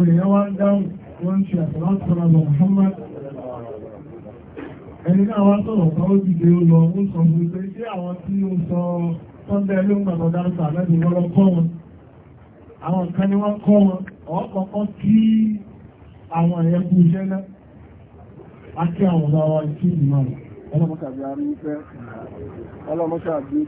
olèyàn wá ń dáhùn wọ́n ṣe àtàlátọ́ra lọ Muhammad ẹni náà wá sọ̀rọ̀ kan ó dìde ó lọ ó sọ fún pé sí àwọn tí ó sọ tọ́ndẹ̀ ló ń gbàgbọ́ dáńtà láti wọ́lọ́ kọ́ wọn àwọn kan ni wọ́n kọ́ wọn ọ̀ kọ̀ọ̀kan kí àwọn ẹ̀yẹ kú iṣẹ́ náà á kí àwọn ọ̀dọ́ wa kí ìmọ̀ rẹ̀ ọlọ́mọkàbí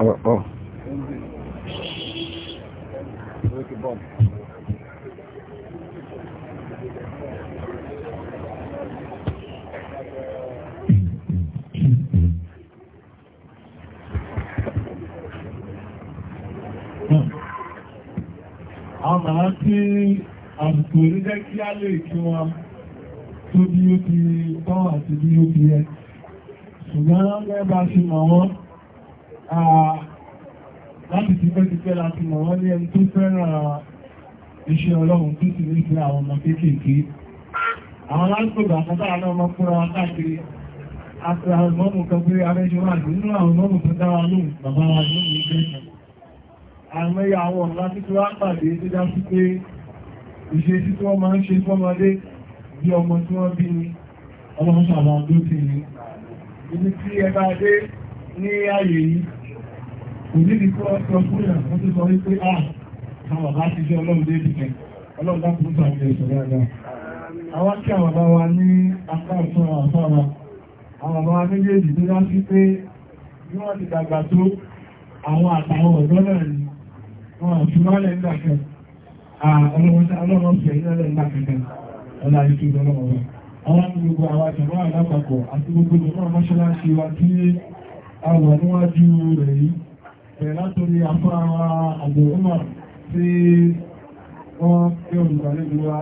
Oh, oh. Look at bomb. a máa kí àsìkò ní jẹ́ kí á lè kí wọn tó bí ó ti tọ́ àti bí ó ti yẹ ṣùgbọ́n lẹ́bàá ṣe mọ̀ wọ́n láti ti fẹ́ ti fẹ́ láti mọ̀ wọ́n ní ẹni tó fẹ́ràn iṣẹ́ ọlọ́run tó sì ní fẹ́ àwọn ọmọ kéékèèké àwọn alágbègbè àkọ́tà náà mọ́ fúnra wa káàkiri ọmọ kan pé arẹ́ṣọ́wà nínú àwọn ọmọ tó dáwà lóhùn bàbá wa lóhùn ìgbẹ́sàn àmẹ́yà àwọn ọ̀rọ̀ láti tó rápàdé tó já sí pé ìṣe tí wọ́n máa ń ṣe fọ́mọdé bí ọmọ tí wọ́n bí ní ọlọ́run sàmà tó ti ní ibi tí ẹ bá dé ní ààyè yìí kò ní ní kọ́ ọ̀sán fún ìyàn wọ́n ti sọ wípé à àwọn bá ti jẹ́ ọlọ́run débi kẹ ọlọ́run bá kúrú sàmì ẹ̀sọ̀ dáadáa àwọn kí àwọn bá wa ní apá ọ̀tún àwọn bá wa méjèèjì tó dá sí pé bí ti dàgbà tó àwọn àtàwọn ọ̀dọ́ náà ni wọn àjùmọ́lẹ̀ ńgbà kan ọlọ́wọ́ fẹ̀ ìrẹ́lẹ̀ ńgbà kankan ọlá ikú ìdọ́lọ́wọ́ wọn àwọn gbogbo àwọn àjọ̀mọ́ àlápapọ̀ àti gbogbo ìjọmọ́ mọ́ṣáláṣí wa tí a wà níwájú rẹ̀ yìí bẹ̀rẹ̀ látòrí afárá àgbẹ̀rúmà tí wọ́n pé olùgbàlejò wa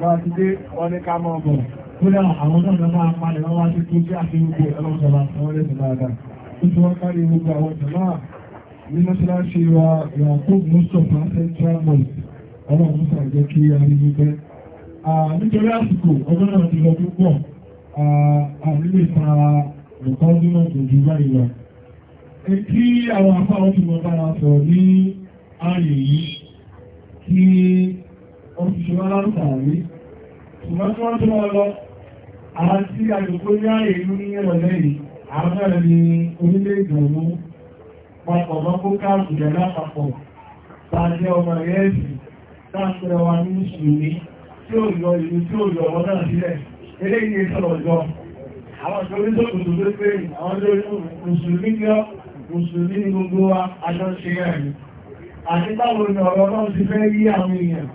bá ti dé wọ́n ní ká mọ́ ọgbọ̀n kódà àwọn náà máa palẹ̀ wọ́n wá sí tó jẹ́ àfihàn gbogbo ẹlọ́sọ̀lá àwọn ẹlẹ́sìn dáadáa tó ti wọ́n kárí gbogbo àwọn jọ̀mọ́ ní mọ́ṣáláṣí wa Yakub Mustapha central mosque ọlọ́run musa jẹ́ kí a rí wípẹ́ nítorí àsìkò ọjọ́ náà ti lọ púpọ̀ àrílè fara nǹkan dúnà tó ju báyìí lọ kí àwọn afá wọn ti mọ bára sọ ní ààyè yìí kí ọ̀ṣìṣẹ́ wa lárúkàrí ṣùgbọ́n tí wọ́n tó wọ́n lọ àwọn tí àjòkó ní ààyè ìlú ní ìrọ̀lẹ́ yìí àwọn náà ní orílẹ̀-èdè ọ̀hún papọ̀ lọ́kún káàkù rẹ̀ lápapọ̀ tàbí ọmọ rẹ̀ ẹ̀sì káàkùrẹ̀ wa ní ìṣòrí tí ó yọ ìlú tí ó yọ ọmọ náà sílẹ̀ eléyìí sọ̀rọ̀ jọ àwọn tó tó fẹ́ yí àwọn èèyàn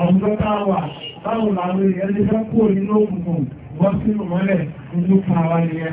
àwùjọ táwà báwo làwọn èèyàn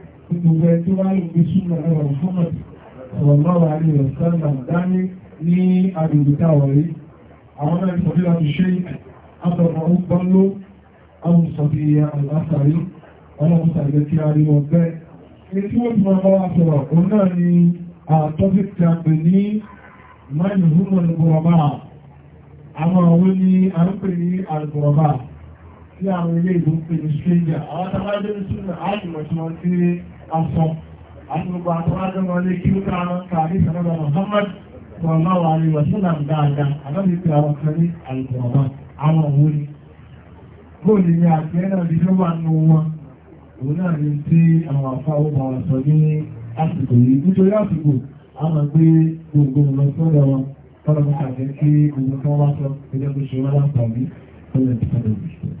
gbogbo ẹ tí wáyé ti súnmọ̀ ẹwà Muhammad ọ̀rọ̀lọ́wà rí ọ̀sánà dání ní agbègbèta ọ̀rí àwọn náà sọ bí láti ṣe àtọ̀mọ̀ ó gbọ́n ló àwọn sọ bí aláṣàrí ọlọ́run sàgbẹ́ tí a rí wọn tí àwọn ilé ìlú pè ní stranger àwọn tàbájé ní ṣúgbà ájùmọ̀ tí wọ́n tí a sọ àti gbogbo àtàwájé wọn lé kí ó kára kàrí sanadà Muhammad sallallahu alaihi wa sallam dáadáa alábi pé àwọn kan ní àlùkọ̀ọ̀bá àwọn òwò ni bóòlù ni àti ẹ̀nà ìdíjọ́ wà nù wọn òun náà ní tí àwọn àfáwọ́ bá wà sọ ní àsìkò yìí nítorí àsìkò a máa gbé gbogbo ọ̀nà sọ́dọ̀ wọn tọ́lọ́mọ́ta jẹ́ kí gbogbo tí wọ́n bá sọ ẹjọ́ tó ṣe wọ́n láǹfààní tó lè tẹ́lẹ̀ ìṣẹ́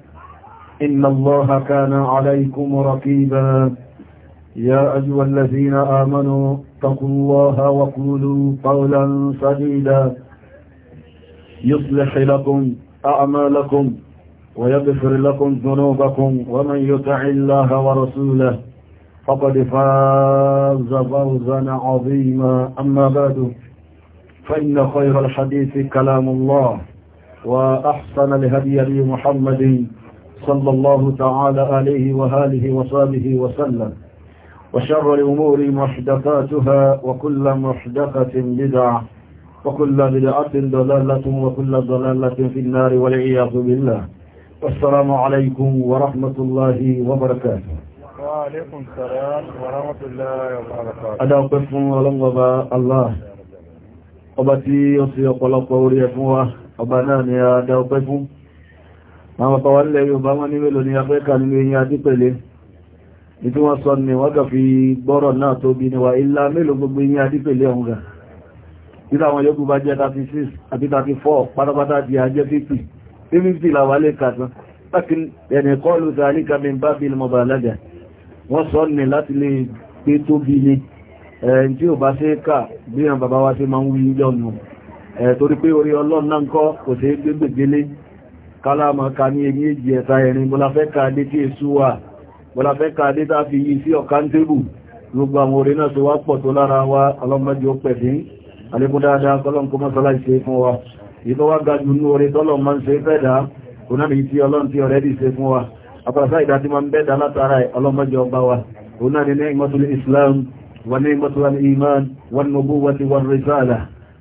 إن الله كان عليكم رقيبا يا أيها الذين آمنوا اتقوا الله وقولوا قولا سديدا يصلح لكم أعمالكم ويغفر لكم ذنوبكم ومن يطع الله ورسوله فقد فاز فوزا عظيما أما بعد فإن خير الحديث كلام الله وأحسن الهدي لمحمد محمد صلى الله تعالى عليه وآله وصحبه وسلم وشر الأمور محدثاتها وكل محدثة بدعة وكل بدعة ضلالة وكل ضلالة في النار والعياذ بالله والسلام عليكم ورحمة الله وبركاته وعليكم السلام ورحمة الله وبركاته أدعو قسم ولنغبى الله أبتي يصيق لقوري أبناني أدعو قسم àwọn ọ̀pọ̀ wà nílẹ̀ Yorùbá wọ́n ní mélòó ní afẹ́kà nínú eyín adípele ní tí wọ́n sọ ní wọ́n fi gbọ́rọ̀ náà tó bí níwà ilá mélòó gbogbo eyín adípele ọ̀hún rẹ̀ nígbà àwọn yóò bá jẹ́ 36 àti 34 pátápátá di ajẹ́ 50 50 làwà lè kàtán láti ẹ̀nì kọlù sàálìkà mi bá bí mọ̀bà alága wọ́n sọ ní láti lè pé tó bí ní ẹ̀yìn tí ò bá ṣe kà kálámà ka ní èyí èjì ẹ̀ta ẹ̀rin bọ́láfẹ́ ka dé tí èsú wà bọ́láfẹ́ ka dé tá fi yí sí ọ̀kan tébù gbogbo àwọn orin náà tó wá pọ̀ tó lára wa ọlọ́mọdé ó pẹ̀fín alékún dáadáa kọ́lọ́n kó mọ́sálá ìṣe fún wa ìtọ́ wá ga jù ní orin ọlọ́mọdé ọba wa onáàrí islam wà ní ìmọ̀tún iman wà ní ogún wà ti wà rẹ̀ sáàlà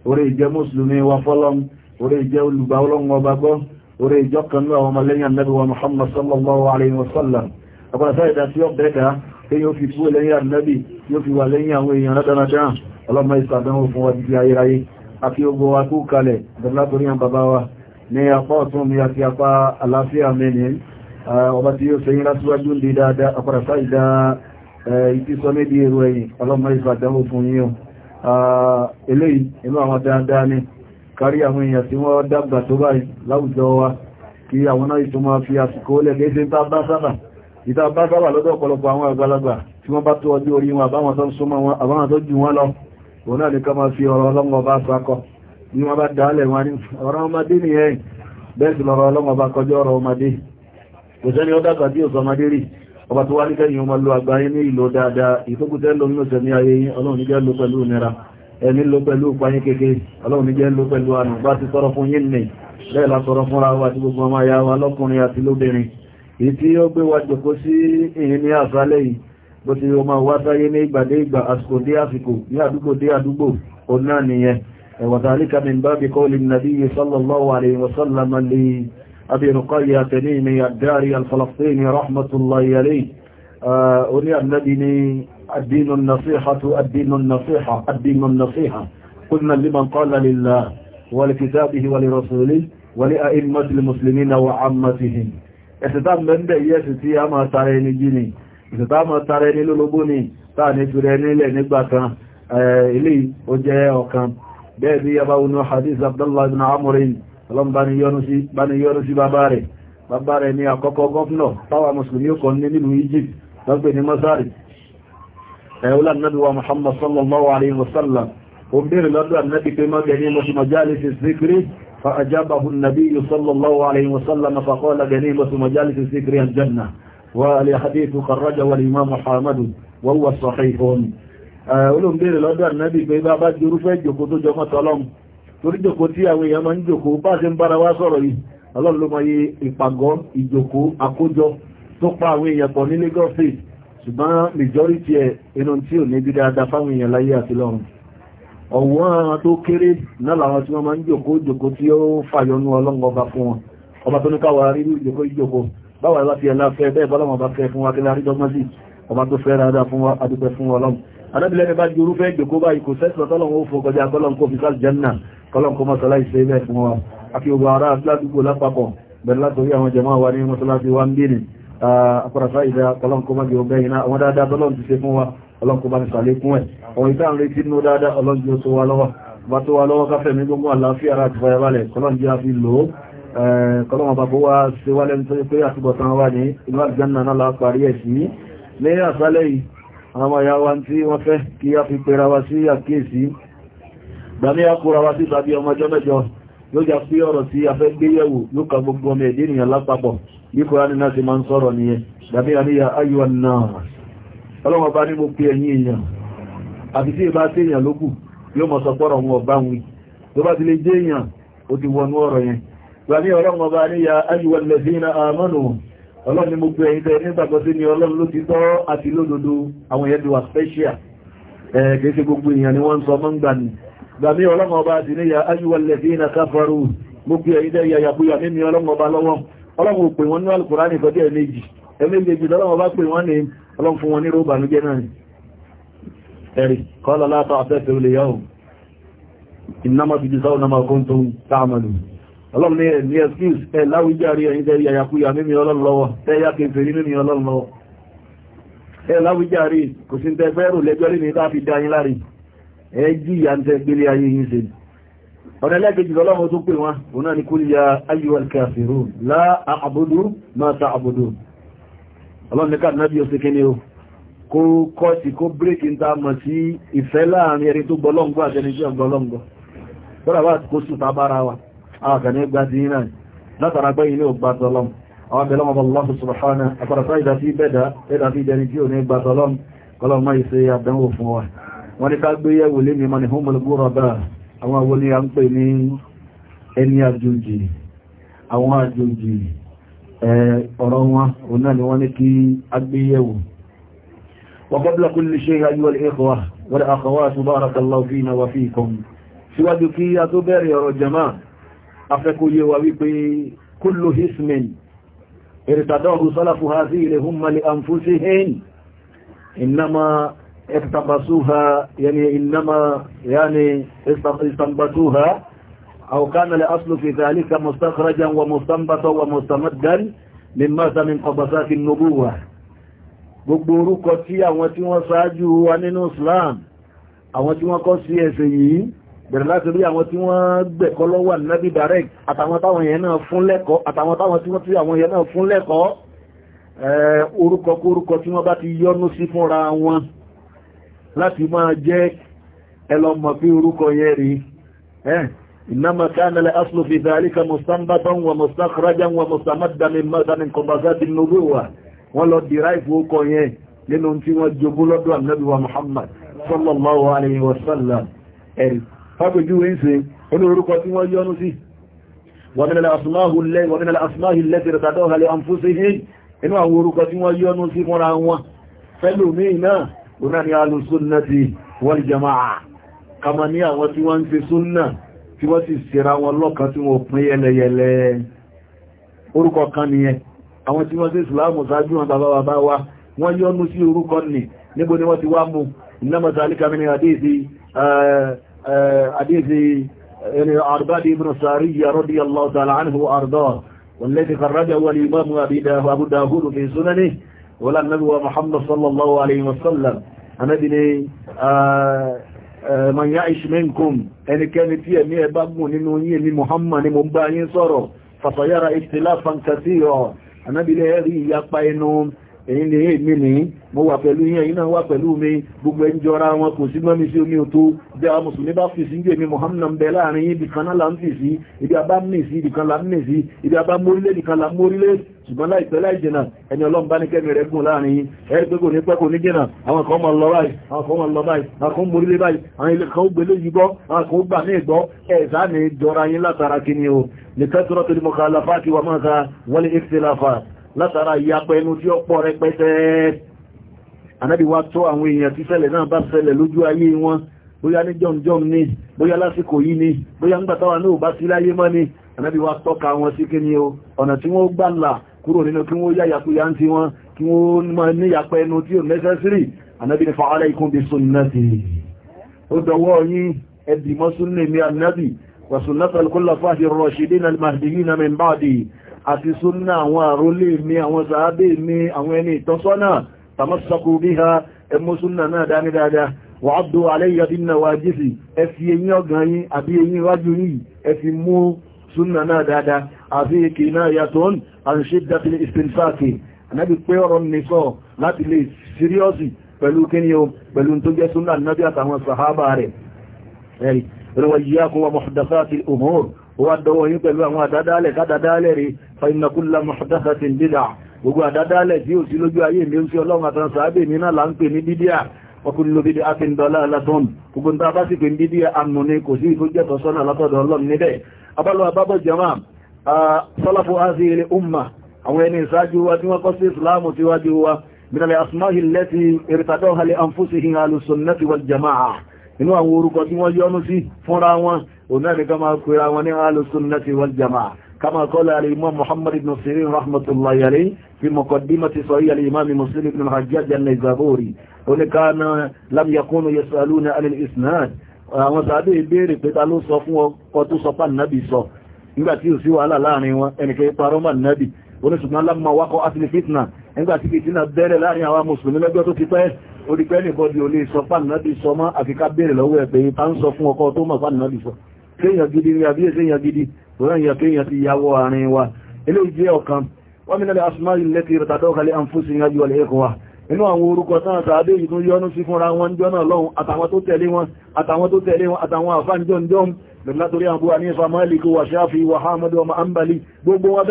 orí ìjẹ́ mùsùlùmí wa fọ́lọ́n orí ìjẹ́ olùgbà ọlọ́run ọba gbọ́ orí ìjọ kan ní àwọn ọmọlẹ́yìn Ànábì wa Muhammad sallallahu alayhi wa sallam ọpọlọ sáyẹ̀dá tí ó bẹ́ẹ̀dá tí yóò fi kú lẹ́yìn Ànábì yóò fi wà lẹ́yìn àwọn èèyàn rádáradá ọlọ́mọ ìsàdánwò fún wa jíjí ayérayé àfi ogbó wa kú kalẹ̀ dọ́látoríyàn bàbá wa ní apá ọ̀tún kárí àwọn èèyàn tí wọ́n dàgbà tó bá láwùjọ wa kí àwọn náà ìtò máa fi àsìkò lẹ̀ kéèsè ìta bá sábà lọ́dọ̀ ọ̀pọ̀lọpọ̀ àwọn àgbàlagbà tí wọ́n bá tó ọjọ́ orí wọn àbáwọn tó ń súnmọ́ wọn àbáwọn tó jù wọn lọ òun náà nìkan máa fi ọ̀rọ̀ ọlọ́mọ bá sakọ ní wọ́n bá dálẹ̀ wọn ní ọ̀rọ̀ ọmọdé nìyẹn bẹ́ẹ̀ sì lọ́rọ̀ ọlọ́mọ bá kọjọ́ ọ̀rọ̀ ọmọdé kò sẹ́ni ó ẹni ló pẹ̀lú pàyín kékeré ọlọ́run ní jẹ́ ló pẹ̀lú ànà bá ti tọrọ fún yín nì lẹ́ẹ̀lá tọrọ fún ra wa àti gbogbo ọmọ ya wa lọ́kùnrin àti lóbìnrin èyí ó gbé wa jòkó sí ìhìn ní àṣálẹ́ yìí الدين النصيحة الدين النصيحة الدين النصيحة قلنا لمن قال لله ولكتابه ولرسوله ولأئمة المسلمين وعامتهم ẹ̀sìtàn mẹ́ndẹ̀ yẹ́ sì tí a máa tara ẹni jí ni ìsìtàn máa tara ẹni lólobó ni táà ní fìrẹ nílẹ̀ nígbàkan ilé ó jẹ́ ọ̀kan bẹ́ẹ̀ bí yaba wọn hadith abdullahi ibn amurin ọlọ́mbaniyọ́nú sí bàbá rẹ̀ bàbá rẹ̀ ni àkọ́kọ́ gọ́fnọ̀ táwà mùsùlùmí ó kọ́ ní nílùú Egypt lọ́gbẹ̀ ní masari ẹ̀wọ́lá nàbíwá Muhammad sallallahu alayhi wa sallam o bèèrè lọ́dọ̀ annabi pé máa gẹ̀ní mọ́sí majalisi zikri fa ajabahu nabi sallallahu alayhi wa sallam fa qala gẹ̀ní mọ́sí majalisi zikri aljanna wa li hadithu kharraja wa imam Muhammad wa huwa sahihun olóhùn bèèrè lọ́dọ̀ annabi pé bá bá jurúfẹ́ jòkó tó jọmọ́ tọ́lọ́m torí jòkó tí àwọn èèyàn máa ń ìpàgọ́ ìjòkó àkójọ tó pa àwọn èèyàn pọ̀ ní Lagos ṣùgbọ́n majority ẹ̀ inú tí ò ní bí dáadáa fáwọn èèyàn láyé àti lọ́run ọ̀wọ́n tó kéré náà làwọn tí wọ́n máa ń jòkó jòkó tí ó fàyọnú ọlọ́run ọba fún wọn ọba tó ní káwà rí jòkó ìjòkó báwà láti ẹ̀lá fẹ́ bẹ́ẹ̀ bọ́lọ́mọ̀ bá fẹ́ fún wa kí lárí dọ́gbọ́n sí ọba tó fẹ́ dáadáa fún wa adúpẹ́ fún ọlọ́run adábìlẹ́ni bá jù orúfẹ́ jòkó báyìí kò bẹ́ẹ̀ fún afọ́rasá ìdá ọlọ́nkọmọ́gì ọgbẹ́yìnà àwọn dáadáa tọ́lọ́n ti ṣe fún wa ọlọ́nkọmọ́ ní sàlékún ẹ̀ ọ̀rọ̀ ìta ń retí nínú dáadáa ọlọ́njẹ́ tó wá lọ́wọ́ bá tó wá lọ́wọ́ káfẹ́ mi gbogbo àlàáfíà ara fi lò ó kọlọ́mọ bàbá wa ṣe wá lẹ́nu tó yẹ pé àtúbọ̀tán wa ní inú àgbẹ̀nà náà la parí ẹ̀ sí ní àṣálẹ́ yìí àwọn ọmọ ìyá wa tí wọ́n fẹ́ kí a fi pera wa sí àkíyèsí gbàmí àkúra wa sí tàbí ọmọ ọjọ́ mẹ́jọ yóò bí kòránì náà ti máa ń sọ̀rọ̀ ní ẹ dàbí àníyà ayúwa náà ọlọ́wọ́ bá ní mo pé ẹ̀yìn èèyàn àti tí ìbá tí èèyàn lókù yóò mọ̀ sọ pọ́rọ̀ wọn ọba wí tó bá ti lè jẹ́ èèyàn ó ti wọnú ọ̀rọ̀ yẹn gbà ní ọlọ́wọ́ bá níyà ayúwa lẹ́sìn àmọ́nù ọlọ́ni mo pé ẹ̀yìn tẹ́ nígbàgbọ́ sí ni ọlọ́run ló ti tọ́ ọlọ́run pè wọ́n ní alùkùránì ìfọ́dí ẹ̀lẹ́jì ẹ̀lẹ́jì lọ́lọ́wọ́ bá pè wọ́n ní ọlọ́run fún wọn ní róòbà ní jẹ́ náà ni ẹ̀rì kọ́lọ látọ̀ afẹ́fẹ́ olè yọ́ ìnámọ́ fi jísọ́ ọ̀nà makon tó ń tààmàlù ọlọ́run ní ẹ̀ní excuse ẹ̀ láwíjárí ẹ̀yìn tẹ́ yàyàkúyà mímí ọlọ́run lọ́wọ́ tẹ́ yá kèfèrí mímí ọlọ́run lọ́wọ́ ẹ̀ láwíjárí kò sí tẹ́ ọ̀nà ẹlẹ́gbẹ̀jì lọ́lọ́wọ́ tó pè wọn òun náà ni kul ya ayyuhal kafirun la a'budu ma ta'budun ọlọ́run nìkan náà bí ó ṣe kéne o kó kọ́ sí kó bírèkì ń ta mọ̀ sí ìfẹ́ láàrin ẹni tó gbọ́lọ́ngbọ́ àtẹni tí ó gbọ́lọ́ngbọ́ tọ́lá bá kó sùn tábára wa àwọn ẹgbà ti náà látara gbẹ́yìn ní ògbà tọ́lọ́m àwọn abẹ̀lọ́m àwọn àwọn ni a ń pè ní ẹni àjòjì àwọn àjòjì ọ̀rọ̀ wọn òun náà ni wọ́n ní kí agbéyẹ̀wò وقبل كل شيء أيها الإخوة والأخوات بارك الله فينا وفيكم síwájú kí lè àmfúsí hẹ́yìn اقتبسوها يعني إنما يعني استنبتوها أو كان الأصل في ذلك مستخرجا ومستنبطا ومستمدا مما من قبسات النبوة gbogbo orúkọ tí àwọn tí wọ́n ṣáájú wa nínú Islam àwọn tí wọ́n kọ́ sí ẹ̀sẹ̀ yìí bẹ̀rẹ̀ láti rí àwọn tí wọ́n gbẹ̀kọ́ lọ́wọ́ nábì direct àtàwọn táwọn yẹn náà fún lẹ́kọ́ àtàwọn táwọn tí wọ́n tí àwọn yẹn náà fún lẹ́kọ́ orúkọ kórúkọ tí wọ́n bá ti yọ́nú sí fúnra wọn láti máa jẹ́ ẹlọ́mọ̀ fi orúkọ yẹ rí ẹ́ إنما كان لأصل في ذلك مستنبطا ومستخرجا ومستمدا من مثل قبضات النبوة ولو درايف وكوني لأنهم في وجبوا لدوا النبي ومحمد صلى الله عليه وسلم فبجوا إنسي قلوا ركوة ويونسي ومن الأسماء اللي ومن الأسماء التي ارتدوها لأنفسهم إنه ركوة ويونسي مرعوا فلو مينا òun náà ni alùsúnnati wal jama'a kama ní àwọn tí wọ́n ń ṣe súnnà tí wọ́n sì ṣera wọn lọ́kan tí wọ́n pín yẹlẹyẹlẹ orúkọ kan nìyẹn àwọn tí wọ́n ṣe ìsìláàmù sáájú wọn bàbá bàbá wa wọ́n yọ́nú sí orúkọ nì níbo ni wọ́n ti wá mú ìnámọ̀ta alíkàmínì àdéèsì سارية رضي الله تعالى عنه وأرضاه والذي خرجه الإمام أبو داود في سننه wọ́lá nàbí wa muhammad sallallahu alayhi wa sallam anábi ni ah, eh, man ya'ish minkum ẹnikẹ́ni tí ẹ̀mí ẹ bá gùn nínú yìí ni muhammad ni mo bá yín sọ̀rọ̀ fasayara ikhtilafan kathira anábi ni ẹ̀rí ìyapa inú èyí lè rí mi ní mo wà pẹ̀lú yín ẹ̀yin náà wà pẹ̀lú mi gbogbo ẹni jọra wọn kò sí mọ́mí sí omi òtó bí a mùsùlùmí bá fi sí ń gbèmí Muhammad ń bẹ láàrin yín ibìkan náà là ń fi sí ibi a bá ń nì sí ibìkan là ń nì sí ibi a bá mórílẹ̀ ibìkan là ń mórílẹ̀ ṣùgbọ́n láìpẹ́ láì jìnà ẹni ọlọ́run bá ní kẹ́mi rẹ̀ gùn láàrin yín ẹ̀rí ní pẹ́ kò ní jìnà àwọn kan máa lọ báyìí àwọn kan máa lọ báyìí àwọn kan mórílẹ̀ látara ìyapẹ ẹnu tí ó pọ̀ rẹpẹtẹ anábì wá tó àwọn èèyàn tí ṣẹlẹ̀ náà bá ṣẹlẹ̀ lójú ayé wọn bóyá ní jọmjọm ní bóyá lásìkò yìí ní bóyá ń gbàtàwà náà bá sí láyé mọ́ ní anábì wá tọ́ka wọn sí kíni o ọ̀nà tí wọ́n gbà là kúrò nínú kí wọ́n yáyàkúyà ń ti wọn kí wọ́n máa ní ìyapẹ ẹnu tí ò necessary anábì ní fa'ala ikun bi sunnati ó dọwọ́ yín ẹ̀dìmọ́ súnnà mi anábì wa sunnatal khulafa'ir àti súnnà àwọn àrólé mi àwọn sàábé mi àwọn ẹni ìtọ́sọ́nà tamassaku biha ẹmú súnnà náà dání dáadáa wà á dó alayya bin nawajifi ẹ fi eyín ọ̀gàn yín àbí eyín iwájú yìí ẹ fi mú súnnà náà dáadáa àfi kinayatun an shiddatil istinfaki ànábì pé ọ̀rọ̀ nìsọ̀ láti lè síríọ́sì pẹ̀lú kíni o pẹ̀lú tó jẹ́ súnnà nábì àtàwọn sàhábà rẹ̀ ẹ̀rì rẹwà yíyá kún wa muhdathatil umur ó wá dọwọ́ yín pẹ̀lú àwọn àdádálẹ̀ kádádálẹ̀ rẹ̀ فإن كل محدثة بدعة gbogbo àdádálẹ̀ tí ó sí lójú ayé mi ó sí ọlọ́run àtàrà sàábè mi náà là ń pè ní bídíà ọkùnlò bídí àfihàndọ́lá alátọ́n gbogbo ta bá sì pè ní bídíà kò sí ìfójẹ́tọ̀ sọ́nà látọ̀dọ̀ ọlọ́run كما قال الإمام محمد بن سيرين رحمة الله عليه في مقدمة صحيح الإمام مسلم بن الحجاج النيزابوري كان لم يكونوا يسألون عن الإسناد àwọn sàádé ìbéèrè pé ta ló sọ fún ọkọ̀ tó sọ pàn náàbì sọ nígbàtí ò sí wàhálà láàrin wọn ẹnìkẹ́ paroma náàbì oníṣùgbọ́n lámà wákọ̀ átìlì fitna nígbàtí fitna bẹ̀rẹ̀ láàrin àwọn mùsùlùmí lọ́jọ́ tó ti pẹ́ orí pẹ́ nìbọ́dì ò lè sọ pàn náàbì sọ mọ́ àfikà béèrè lọ́wọ́ ẹ̀ pé ta ń sọ fún ọkọ̀ tó mọ̀ pàn náàbì sọ séèyàn gidi ní àbí èséèyàn gidi rọ́nyà kéèyàn ti yàwó àárín wa eléyìí jẹ́ ọ̀kan wọ́n mi nílẹ̀ asùmá ilẹ̀ ti rẹ̀tàdọ́kalẹ̀ àǹfúsí ìyájú ọ̀lẹ́ ẹ̀kọ́ wa inú àwọn orúkọ tán àtàdé yìí tún yọ́nú sí fúnra wọn jọ náà lọ́hun àtàwọn tó tẹ̀lé wọn àtàwọn tó tẹ̀lé wọn àtàwọn àfáàjọ́ jọ lọ́látorí àbú ànífà máàlìkì wà ṣáfi wà hàmàdù ọmọ àmbàlì gbogbo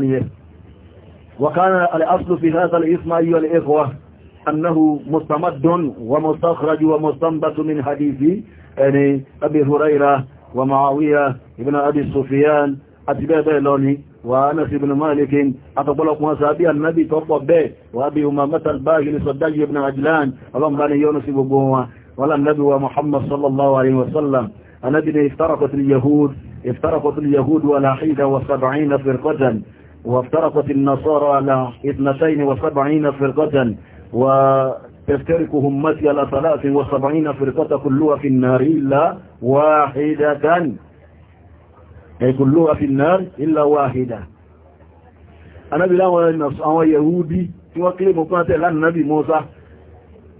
ni o وكان الأصل في هذا الإثم أيها الإخوة أنه مستمد ومستخرج ومستنبت من حديث يعني أبي هريرة ومعاوية ابن أبي سفيان أتباع بيلوني وأنس بن مالك لكم وسابي النبي توقف به وأبي أمامة الباجل صداج بن عجلان اللهم بني يونس بقوة ولا النبي ومحمد صلى الله عليه وسلم النبي افترقت اليهود افترقت اليهود ولا حيدة وسبعين فرقة وافترقت النصارى على اثنتين وسبعين فرقة وتفترق همتي على ثلاث وسبعين فرقة كلها في النار إلا واحدة أي كلها في النار إلا واحدة أنا بلا ولا يهودي وكلي مقاتل النبي موسى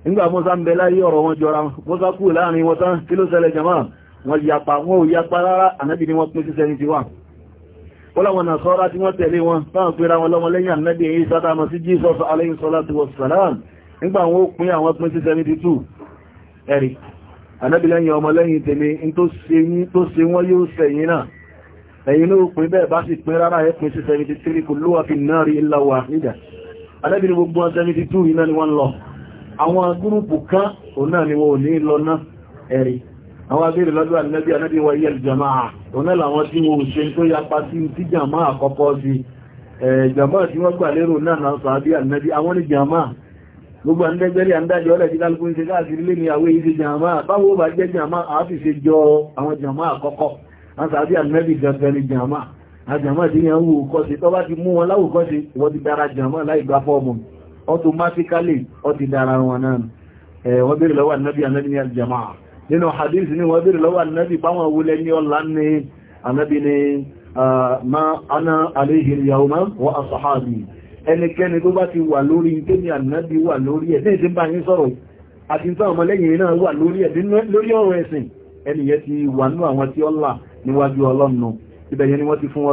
nígbà Mùsá ń bẹ láyé ọ̀rọ̀ wọn jọra Mùsá kú láàrin wọn tán kí ló ṣẹlẹ̀ jàmáà wọn yapa wọn ò rárá ànábì ni wọ́n pín sí 71 láwọn nàṣọ́rá tí wọ́n tẹ̀lé wọn táwọn pèrà wọn lọ́mọ lẹ́yìn ànábì èyí sátámọ̀ sí jesus alayhi salatu wa salam nígbà wọn ó pín àwọn pín sí 72 ẹ̀rì ànábì lẹ́yìn ọmọ lẹ́yìn tèmi in tó ṣe wọ́n yóò sẹ̀yìn náà ẹ̀yìn ló pín bẹ́ẹ̀ bá sì pín rárá ẹ pín sí 73 kulluha fi nnari illa wahida ànábì ní gbogbo 72 iná ni wọ́n lọ àwọn gúrùpù kan òun náà ni wọ́n ò ní lọ náà ẹ̀rì àwọn agbèrè lọ́dọ̀ ànẹ́bí ànẹ́bí wọ iye ìjàmáà onẹ́là wọn tí wọ́n ṣe tó yapa sí tí jàmáà àkọ́kọ́ sí jàmáà tí wọ́n gbà lérò náà náà sàábí ànẹ́bí àwọn ní jàmáà gbogbo àndẹ́gbẹ́rí àndájọ́ ọ̀rẹ́ ti lálùkún ṣe káàkiri lé ní àwé ìṣe jàmáà báwo bá jẹ́ jàmáà àáfi ṣe jọ àwọn jàmáà àkọ́kọ́ sàábí ànẹ́bí gẹ́gẹ́ ní jàmáà àjàmáà tí yẹn wù kọ́ sí tọ́ bá ti mú wọn láwùkọ́ sí wọ́n ti dára jàmáà láì gbá fọ́ọ̀mù automatically ó ti wọn náà wọ́n bèèrè lọ́wọ́ ànẹ́bí ànẹ́bí ní àjàmáà nínú hadith ni wọ́n bèèrè lọ́wọ́ annabi báwọn wulẹ̀ ní ọlá ní annabi ni ma ana alayhi al-yawma wa ashabi ẹnikẹ́ni tó bá ti wà lórí tó ní annabi wà lórí ẹ̀ tí ìsìn bá yín sọ̀rọ̀ àti tó ọmọ lẹ́yìn náà wà lórí ẹ̀ lórí ọ̀rọ̀ ẹ̀sìn ẹniyẹ ti wà ní àwọn tí ọlá níwájú ọlọ́nu ibẹ̀yẹ ni wọ́n ti fún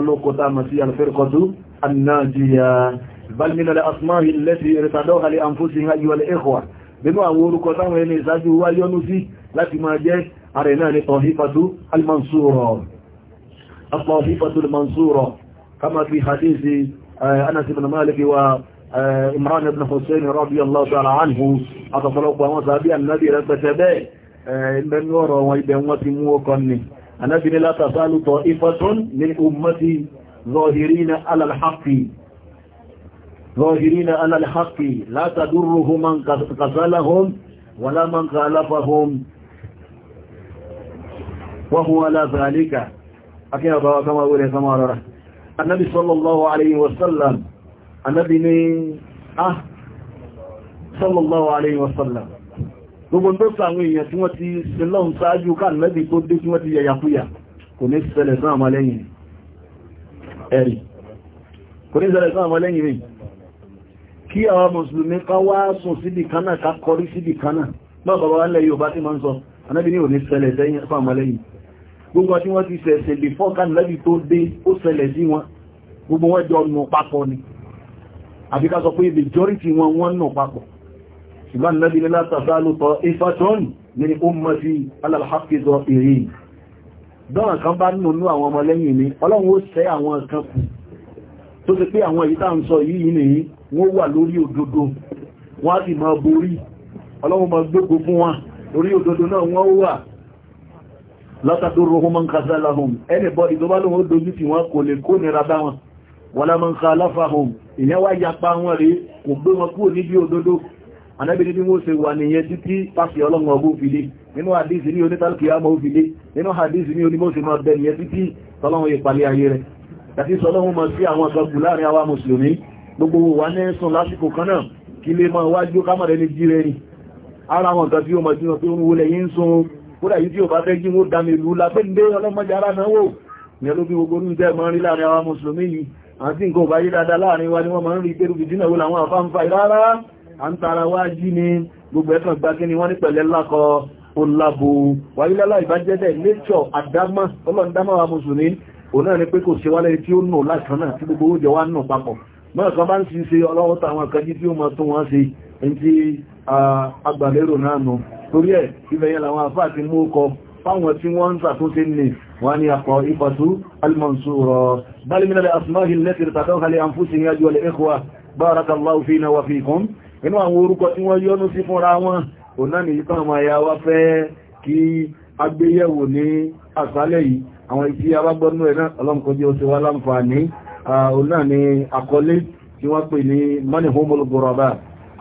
láti máa jẹ́ ààrẹ náà ní tọ̀hífàtú almansúrọ̀ tọ̀hífàtú almansúrọ̀ kama fi hadithi anas ibn malik wa imran ibn hussein radiyallahu ta'ala anhu àtọ̀pọ̀lọpọ̀ àwọn sàbí annabi rẹpẹtẹ bẹ́ẹ̀ ẹ̀mẹ́nu ọ̀rọ̀ wọn ibẹ̀ wọn ti mú ọkọ̀ ni annabi ni látàsálù tọ̀hífàtún ní ummati zahirina ala al-haqqi ظاهرين على الحق لا تدرهم من قتلهم ولا من خالفهم وهو على ذلك أكيد الله كما أقول كما أرى النبي صلى الله عليه وسلم النبي من أه صلى الله عليه وسلم gbogbo tó sàwọn èèyàn tí wọ́n ti sílọ́un sáájú káàkiri lẹ́bí tó dé tí wọ́n ti yàyàkúyà kò ní ṣẹlẹ̀ sáà mọ́ lẹ́yìn ẹ̀rì kò ní ṣẹlẹ̀ sáà mọ́ lẹ́yìn rẹ̀ kí àwọn mùsùlùmí ká wá sùn síbì kanáà ká kọrí síbì kanáà bá bàbá wálẹ̀ yóò bá tí ma ń sọ anábi ní ò ní ṣẹlẹ̀ sáà mọ́ lẹ́yìn gbogbo tí wọ́n ti ṣẹ̀ṣẹ̀ lè fọ́kàn lẹ́bí tó dé ó ṣẹlẹ̀ sí wọn gbogbo wọ́n jọ nù papọ̀ ni àbí ká sọ pé majority wọn wọ́n nù papọ̀ ṣùgbọ́n lẹ́bí lẹ́lá tàbálò tọ́ ifatoni ní ó mọ́ sí alàlhàkìtọ èrè dọ́nà kan bá nùnú àwọn ọmọlẹ́yìn ni ọlọ́run ó ṣẹ́ àwọn kan kù tó ti pé àwọn èyí tá ń sọ yìí nìyí wọ́n wà lórí òdodo wọ́n á sì máa borí ọlọ́run máa gbógun fún wọn lórí òdodo náà wọ́n wà látàdúró hún mọ́n kàzá láhùn ẹnìbọ́dì tó bá lóhun ó dojú tí wọ́n kò lè kó nira bá wọn wọ́n lá mọ́n ká aláfàhùn ìyẹn wá yapa wọn rí kò gbé wọn kúrò níbi òdodo anábìrí bí wọ́n ṣe wà nìyẹn títí pàṣẹ ọlọ́run ọgbó fìdí nínú hadith ní onítàlùkì àmọ́ ó fìdí nínú hadith ní onímọ̀ọ́sẹ̀ máa bẹ nìyẹn títí tọ́lọ́run ìpàlẹ̀ ayé rẹ̀ àti sọlọ́run mọ̀ sí àwọn àgbàgbù ara wọn kan tí ó mọ̀ sí wọn pé ó ń wọlé yín sùn kódà yìí tí ò bá fẹ́ jí wọ́n dámi ìlú lápé ń dé ọlọ́mọdé ara náà wò ní ẹlú bí gbogbo oúnjẹ mọ́ rí láàrin àwọn mùsùlùmí yìí àti nǹkan ò bá yí dáadáa láàrin wa ni wọ́n máa ń rí pẹ̀lú ìdínà wò làwọn àfáǹfà rárá à ń tara wá jí ni gbogbo ẹ̀kan gbá kí ni wọ́n ní pẹ̀lẹ́ lákọ olàbò wáyílálá ìbájẹ́dẹ̀ lẹ́tọ̀ àdámá ọlọ́ndámá wa mùsùlùmí òun náà ni pé kò ṣe wálẹ̀ tí ó nù láìkan náà tí gbogbo oúnjẹ wa nù papọ̀ mọ́ọ̀ kan bá ń ṣe ọlọ́wọ́ tàwọn kan jí tí ó máa tún wọn ṣe torí ẹ̀ ibẹ̀yẹ làwọn àfáà ti mú kọ fáwọn tí wọ́n ń sàtúnṣe ní wọ́n ni àpọ̀ ìfàtú almansúrọ̀ bálímìnàlẹ̀ asmáhìn lẹ́tìrì tàtọ́kàlẹ̀ àǹfúsí ní àjọ ẹ̀kọ́wà bárakallahu fina wa fikum inú àwọn orúkọ tí wọ́n yọ́nú sí fúnra wọn ò náà nìyí tán ma ya wá fẹ́ kí agbéyẹ̀wò ní àsálẹ̀ yìí ni àkọlé tí wọ́n pè ní manihomologoraba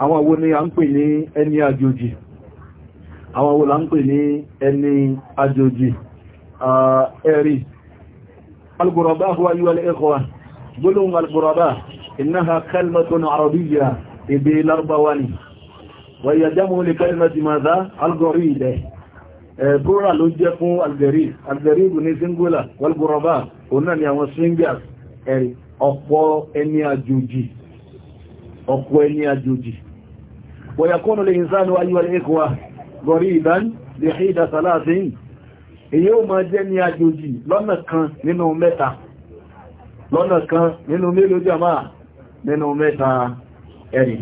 àwọn wo ni a ń pè ní ẹni àjòjì àwọn wo la ń pè ní ẹni àjòjì ẹ̀rí al-ghuraba huwa ayyuhal ikhwa gbólóhùn al-ghuraba innaha kalimatun arabiyya èdè lárúbáwá ni wa hiya jamu li kalimati madha al-gharida plural ló jẹ́ fún al-gharib al-gharib ní singular wal-ghuraba ni àwọn singers ẹ̀rí ọ̀pọ̀ ẹni àjòjì ọ̀pọ̀ ẹni àjòjì wa yakunu al-insanu ayyuhal ikhwa gọ̀ríban lè ṣídà sàláàtín èyí ó máa jẹ́ ní àjòjì lọ́nà kan nínú mẹ́ta lọ́nà kan nínú mélòó jàmá nínú mẹ́ta ẹ̀rì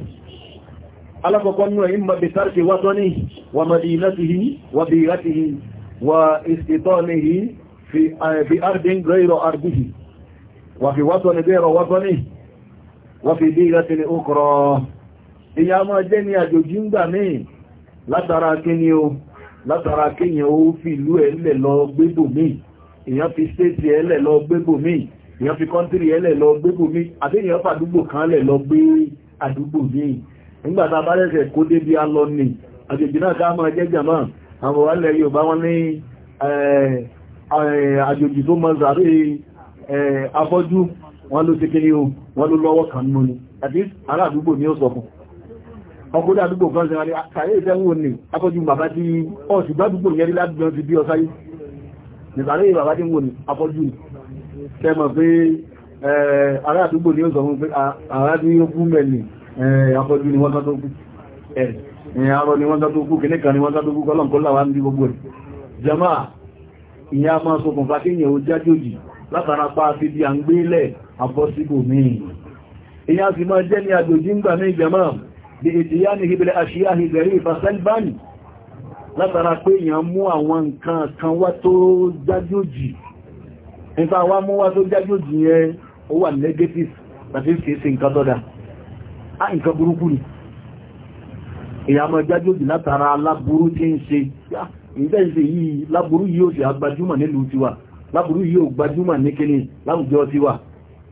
alákọ̀ọ́kọ́ nínú ẹ̀yìn mọ̀bí sárkì wátọ́ ní wà madinatihi wà bi'atihi wà istitanihi eh, fi ardin ghayra ardihi wà fi wátọ́ ní ghayra wátọ́ ní wà ìyá máa jẹ́ ní àjòjì ń gbà míì látara kíni o látara kíyàn ó fi ìlú ẹ̀lẹ̀ lọ gbébò mí èyàn fi stéètì ẹ̀lẹ̀ lọ gbébò mí èyàn fi kọ́ntírì ẹ̀lẹ̀ lọ gbébò mí àti èyàn fàdúgbò kan lẹ̀ lọ gbé àdúgbò mí nígbàtà bá rẹ̀sẹ̀ kó dé bí a lọ ní àjèjì náà ká máa jẹ́ jàmá àwọn ọ̀rẹ́lẹ̀ Yorùbá wọn ní àjòjì tó mọ sàárè afọ́jú wọn ló ti kiri o wọn ló lọ́wọ́ kan nù ni àti ará àdúgbò ni ó sọ fún ọkùnrin àdúgbò kan ṣe rárá kàyé ìfẹ́wò ní afọ́jú bàbá tí ọ̀sì gbádùgbò yẹn rí ládùgbò ti bí ọsáyé nìsàlẹ̀ bàbá tí wò ní afọ́jú kẹmọ̀ pé ará àdúgbò ní ọ̀sọ̀ fún pé ará ní ó kú mẹ́lì afọ́jú ni wọ́n tó kú ẹ̀rọ ni wọ́n tó kú kìnnì kan ni wọ́n tó kú kọ́lọ̀ kọ́lá wa ní gbogbo rẹ̀ jama ìyá máa ṣokùnfà kí yẹn ó jájòjì látara pa fi bí à ń gbé lẹ̀ afọ́síbò míì ìyá sì máa jẹ́ ní àjòjì ń bí ìdíyánihì bí aṣíyáhì gẹ̀rí ìfàṣẹ́lbáni látara pé èèyàn mú àwọn nǹkan kan wá tó jájójì nípa wá mú wá tó jájójì yẹn ó wà negative tàbí ni èèyàn mọ̀ jájójì látara aláburú tí ń ṣe ìjẹ́ ìṣe yìí láburú yìí ò sì agbájúmọ̀ nílùú tiwa láburú yìí ò gbájúmọ̀ ní kíní láwùjọ tiwa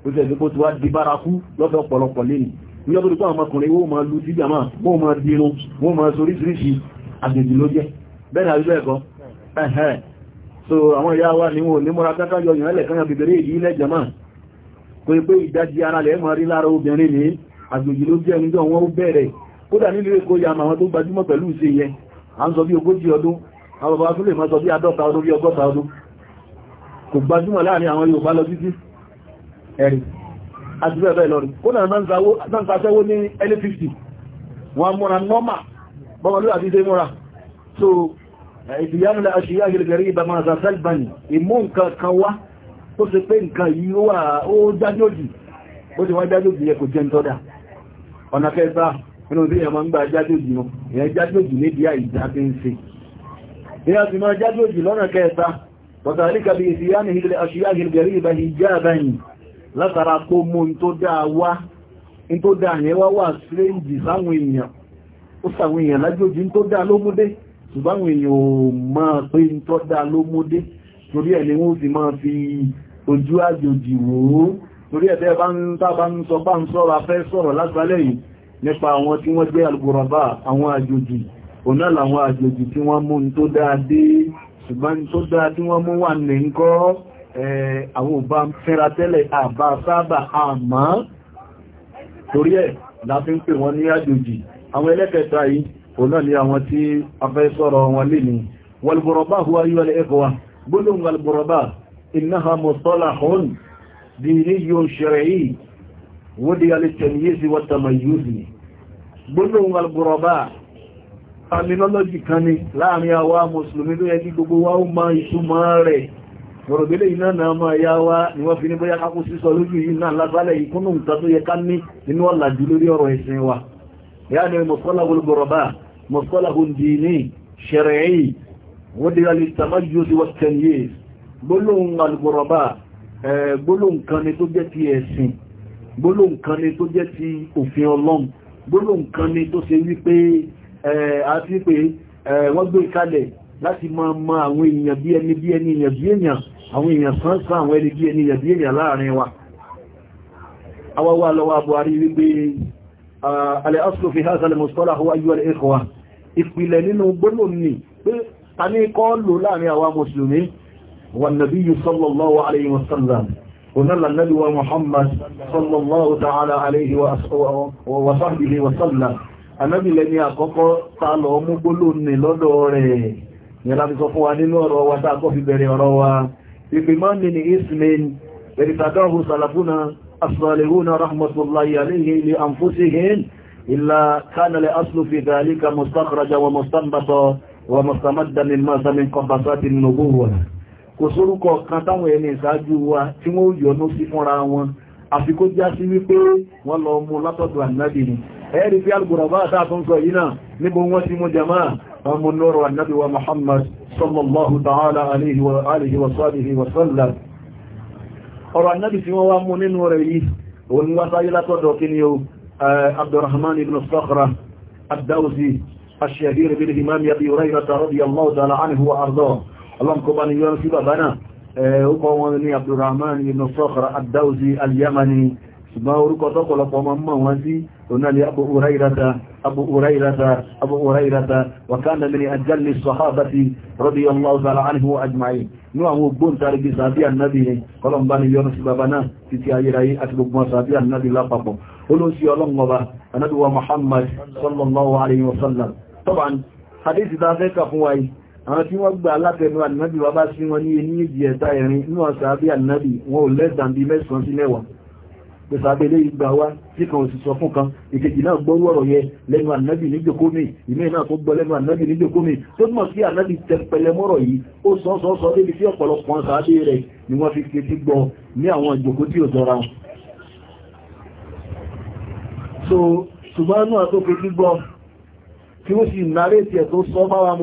ó sì ẹ̀dẹ́kó tiwa di bárakú lọ́dọ̀ ọ̀pọ̀lọpọ̀ lénìí lọ́dún tó àwọn ọkùnrin wọ́n máa lú sí jàmá wọ́n máa dínú wọ́n máa sorí síríṣì àgbègbè ló jẹ́ bẹ́ẹ̀ni àríbẹ̀ ẹ̀kọ́ ẹ̀hẹ́ so àwọn ìyá wa ni wọ́n ní mọ́ra káká yọ ìrìnlẹ̀ kan gbẹ̀rẹ̀ èyí ilẹ̀ jàmá kò pé ìdájí ara lẹ̀ máa rí lára obìnrin ní àgbègbè ló jẹ́ níjọ́ wọn ó bẹ̀rẹ̀ kódà nílùú Èkó ya àwọn tó gbajúmọ̀ pẹ̀lú ìṣe yẹn à ń sọ bí ogójì ọdún àwọn bàbá tó lè máa sọ bí àádọ́ta ọdún bí ọgọ́ta ọdún kò gbajúmọ̀ láàrin àwọn Yorùbá lọ títí ẹ̀rì àti bẹ́ẹ̀ bẹ́ẹ̀ lọ́rí kó náà náà sàṣẹ́wó ní ẹlẹ́fíìsì wọn múra nọ́mà bọ́mọlú àti ṣe múra so ìdíyàmìlẹ̀ aṣíyá gẹ̀rẹ̀gẹ̀rẹ̀ ìbàmọ̀ àzàṣẹ́lbàní ìmú nǹkan kan wá tó ṣe pé nǹkan yìí wà ó jájójì ó ti wá jájójì yẹ kò jẹ́ ntọ́dà ọ̀nà kẹta inú bí ẹ̀mọ́ ń gbà jájójì nù ìyẹn jájójì níbi àìjá ti ń ṣe ìyẹn ti máa jájójì lọ́nà kẹta pọ̀tàlíkà látara kó mú ní tó dáa wá ní tó dáa yẹn wá wà síréǹjì sáwọn èèyàn ó sàwọn èèyàn lájójí ní tó dáa ló mú dé ṣùgbọ́n àwọn èèyàn ò máa pé ní tó dáa ló mú dé torí ẹ̀ ni wọ́n sì máa fi ojú àjòjì wò ó torí ẹ̀ tẹ́ bá ń tábá ń sọ bá ń làwọn àjòjì tí wọ́n mú ní tó dáa ṣùgbọ́n tó dáa wọ́n mú wà ní ńkọ́ àwọn òbá fẹ́ra tẹ́lẹ̀ àbá sábà àmá torí ẹ̀ láti ń pè wọ́n ní àjòjì àwọn ẹlẹ́kẹta yìí òun náà ni àwọn tí a fẹ́ sọ̀rọ̀ wọn lè ní wàlùbọ̀rọ̀bá huwa yíwa lè ẹkọwa gbónúhùn wàlùbọ̀rọ̀bá ináha mọ̀sọ́làhún di níyùn ṣẹ̀rẹ̀yí wóde alẹ́tẹ̀míyèsí wàtàmàyúzì gbónúhùn terminology kan ni láàrin àwa mùsùlùmí ló yẹ kí gbogbo wa ó máa ìtumọ̀ rẹ̀ mọ̀rọ̀gbélé iná náà máa yá wá ni wọ́n fi ní bóyá kákó sísọ lójú yìí náà lágbálẹ̀ ìkúnnù nǹkan tó yẹ ká ní inú ọ̀làjú lórí ọ̀rọ̀ ẹ̀sìn wa yá ni mọ̀sọ́lá olùgbọ̀rọ̀bá mọ̀sọ́lá hundini ṣẹ̀rẹ̀ẹ́yì wọ́n dé alẹ́ tàmájú sí wọ́n tẹ̀lé gbólóhùn alùgbọ̀rọ̀bá gbólóhùn kan ni tó jẹ́ ti ẹ̀sìn gbólóhùn kan ni tó jẹ́ ti òfin ni tó láti máa ma àwọn èèyàn bí ẹni bí ẹni èèyàn bí èèyàn àwọn èèyàn sán sán àwọn ẹni bí ẹni yẹ̀bí èèyàn láàrin wa awọ́wọ́ alọ́wọ́ abuhari wípé alẹ́ asùlùfí hasalẹ̀ mustala huwa ayyuwal ikhwa ìpìlẹ̀ nínú gbónà ní pé ta ní kọ́ lò láàrin àwa mùsùlùmí wọn nabiyyu sallallahu alayhi wa sallam onála nabi wa muhammad sallallahu ta'ala alayhi wa sahbihi wa sallam anábì lẹ́ni àkọ́kọ́ ta lọ́dọ̀ rẹ̀ yẹ́lá fún wa nínú ọ̀rọ̀ wa tá a ọ̀rọ̀ wa بفمان اسم ارتداه سلفنا الصالحون رحمة الله عليه لأنفسهم إلا كان لأصل في ذلك مستخرج ومستنبط ومستمد من ماذا من قبصات النبوة kò sórúkọ kan táwọn ẹni ìsáájú wa tí wọ́n ó sí fúnra wọn àfi já sí wípé wọ́n lọ mú látọ̀dọ̀ ànábì ni ẹ̀ẹ́rì fi bá àtàkùn sọ níbo wọ́n ti mú jama'a أم النور النبي ومحمد صلى الله تعالى عليه وآله وصحبه وسلم ọ̀rọ̀ annabi tí wọ́n wá mú nínú rẹ̀ yìí òun wá sáyé látọ́dọ̀ kí ni ó abdurrahman ibn sakhra adáwòsí aṣẹ́bíri bí imam yabi raira ta rọ́bí ṣùgbọ́n orúkọ tọ́pọ̀lọpọ̀ ma mọ̀ wọn sí onáli abu hurairata abu hurairata abu hurairata wa kana min ajalli sahabati radiyallahu ta'ala anhu wa ajma'in ní àwọn ogbón tàrígi sàbí ànábì ni kọlọmbá ni yọ́nà sí bàbá náà títí ayérayé àti gbogbo sàbí ànábì lápapọ̀ olóòsí ọlọ́ngọba ànábì wa muhammad sallallahu alayhi wa sallam tọ́bàn hadith ta fẹ́ kà fún wáyé àwọn tí wọ́n gbà látẹnu ànábì wa bá sí wọn ní ẹni èjì ẹ̀ta ẹ̀rin ní ọ̀sàbí ànábì wọn ò lẹ́sàn bí mẹ́sàn sí mẹ́wàá pẹ̀sàbẹ̀ ilé ìgbà wá tí kan sì sọ fún kan ìkejì náà gbọ́rú ọ̀rọ̀ yẹ lẹ́nu ànábì níjókòmí ìmẹ́ náà tó gbọ́ lẹ́nu ànábì níjókòmí tó mọ̀ sí ànábì tẹpẹlẹ mọ́rọ̀ yìí ó sọ sọ sọ débi sí ọ̀pọ̀lọpọ̀ sàádé rẹ̀ ni wọ́n fi fi gbọ́ ní àwọn ìjòkó tí ò jọra wọn. so ṣùgbọ́n inú àtòkè gbígbọ́ tí ó sì nàrétì ẹ̀ tó sọ báwa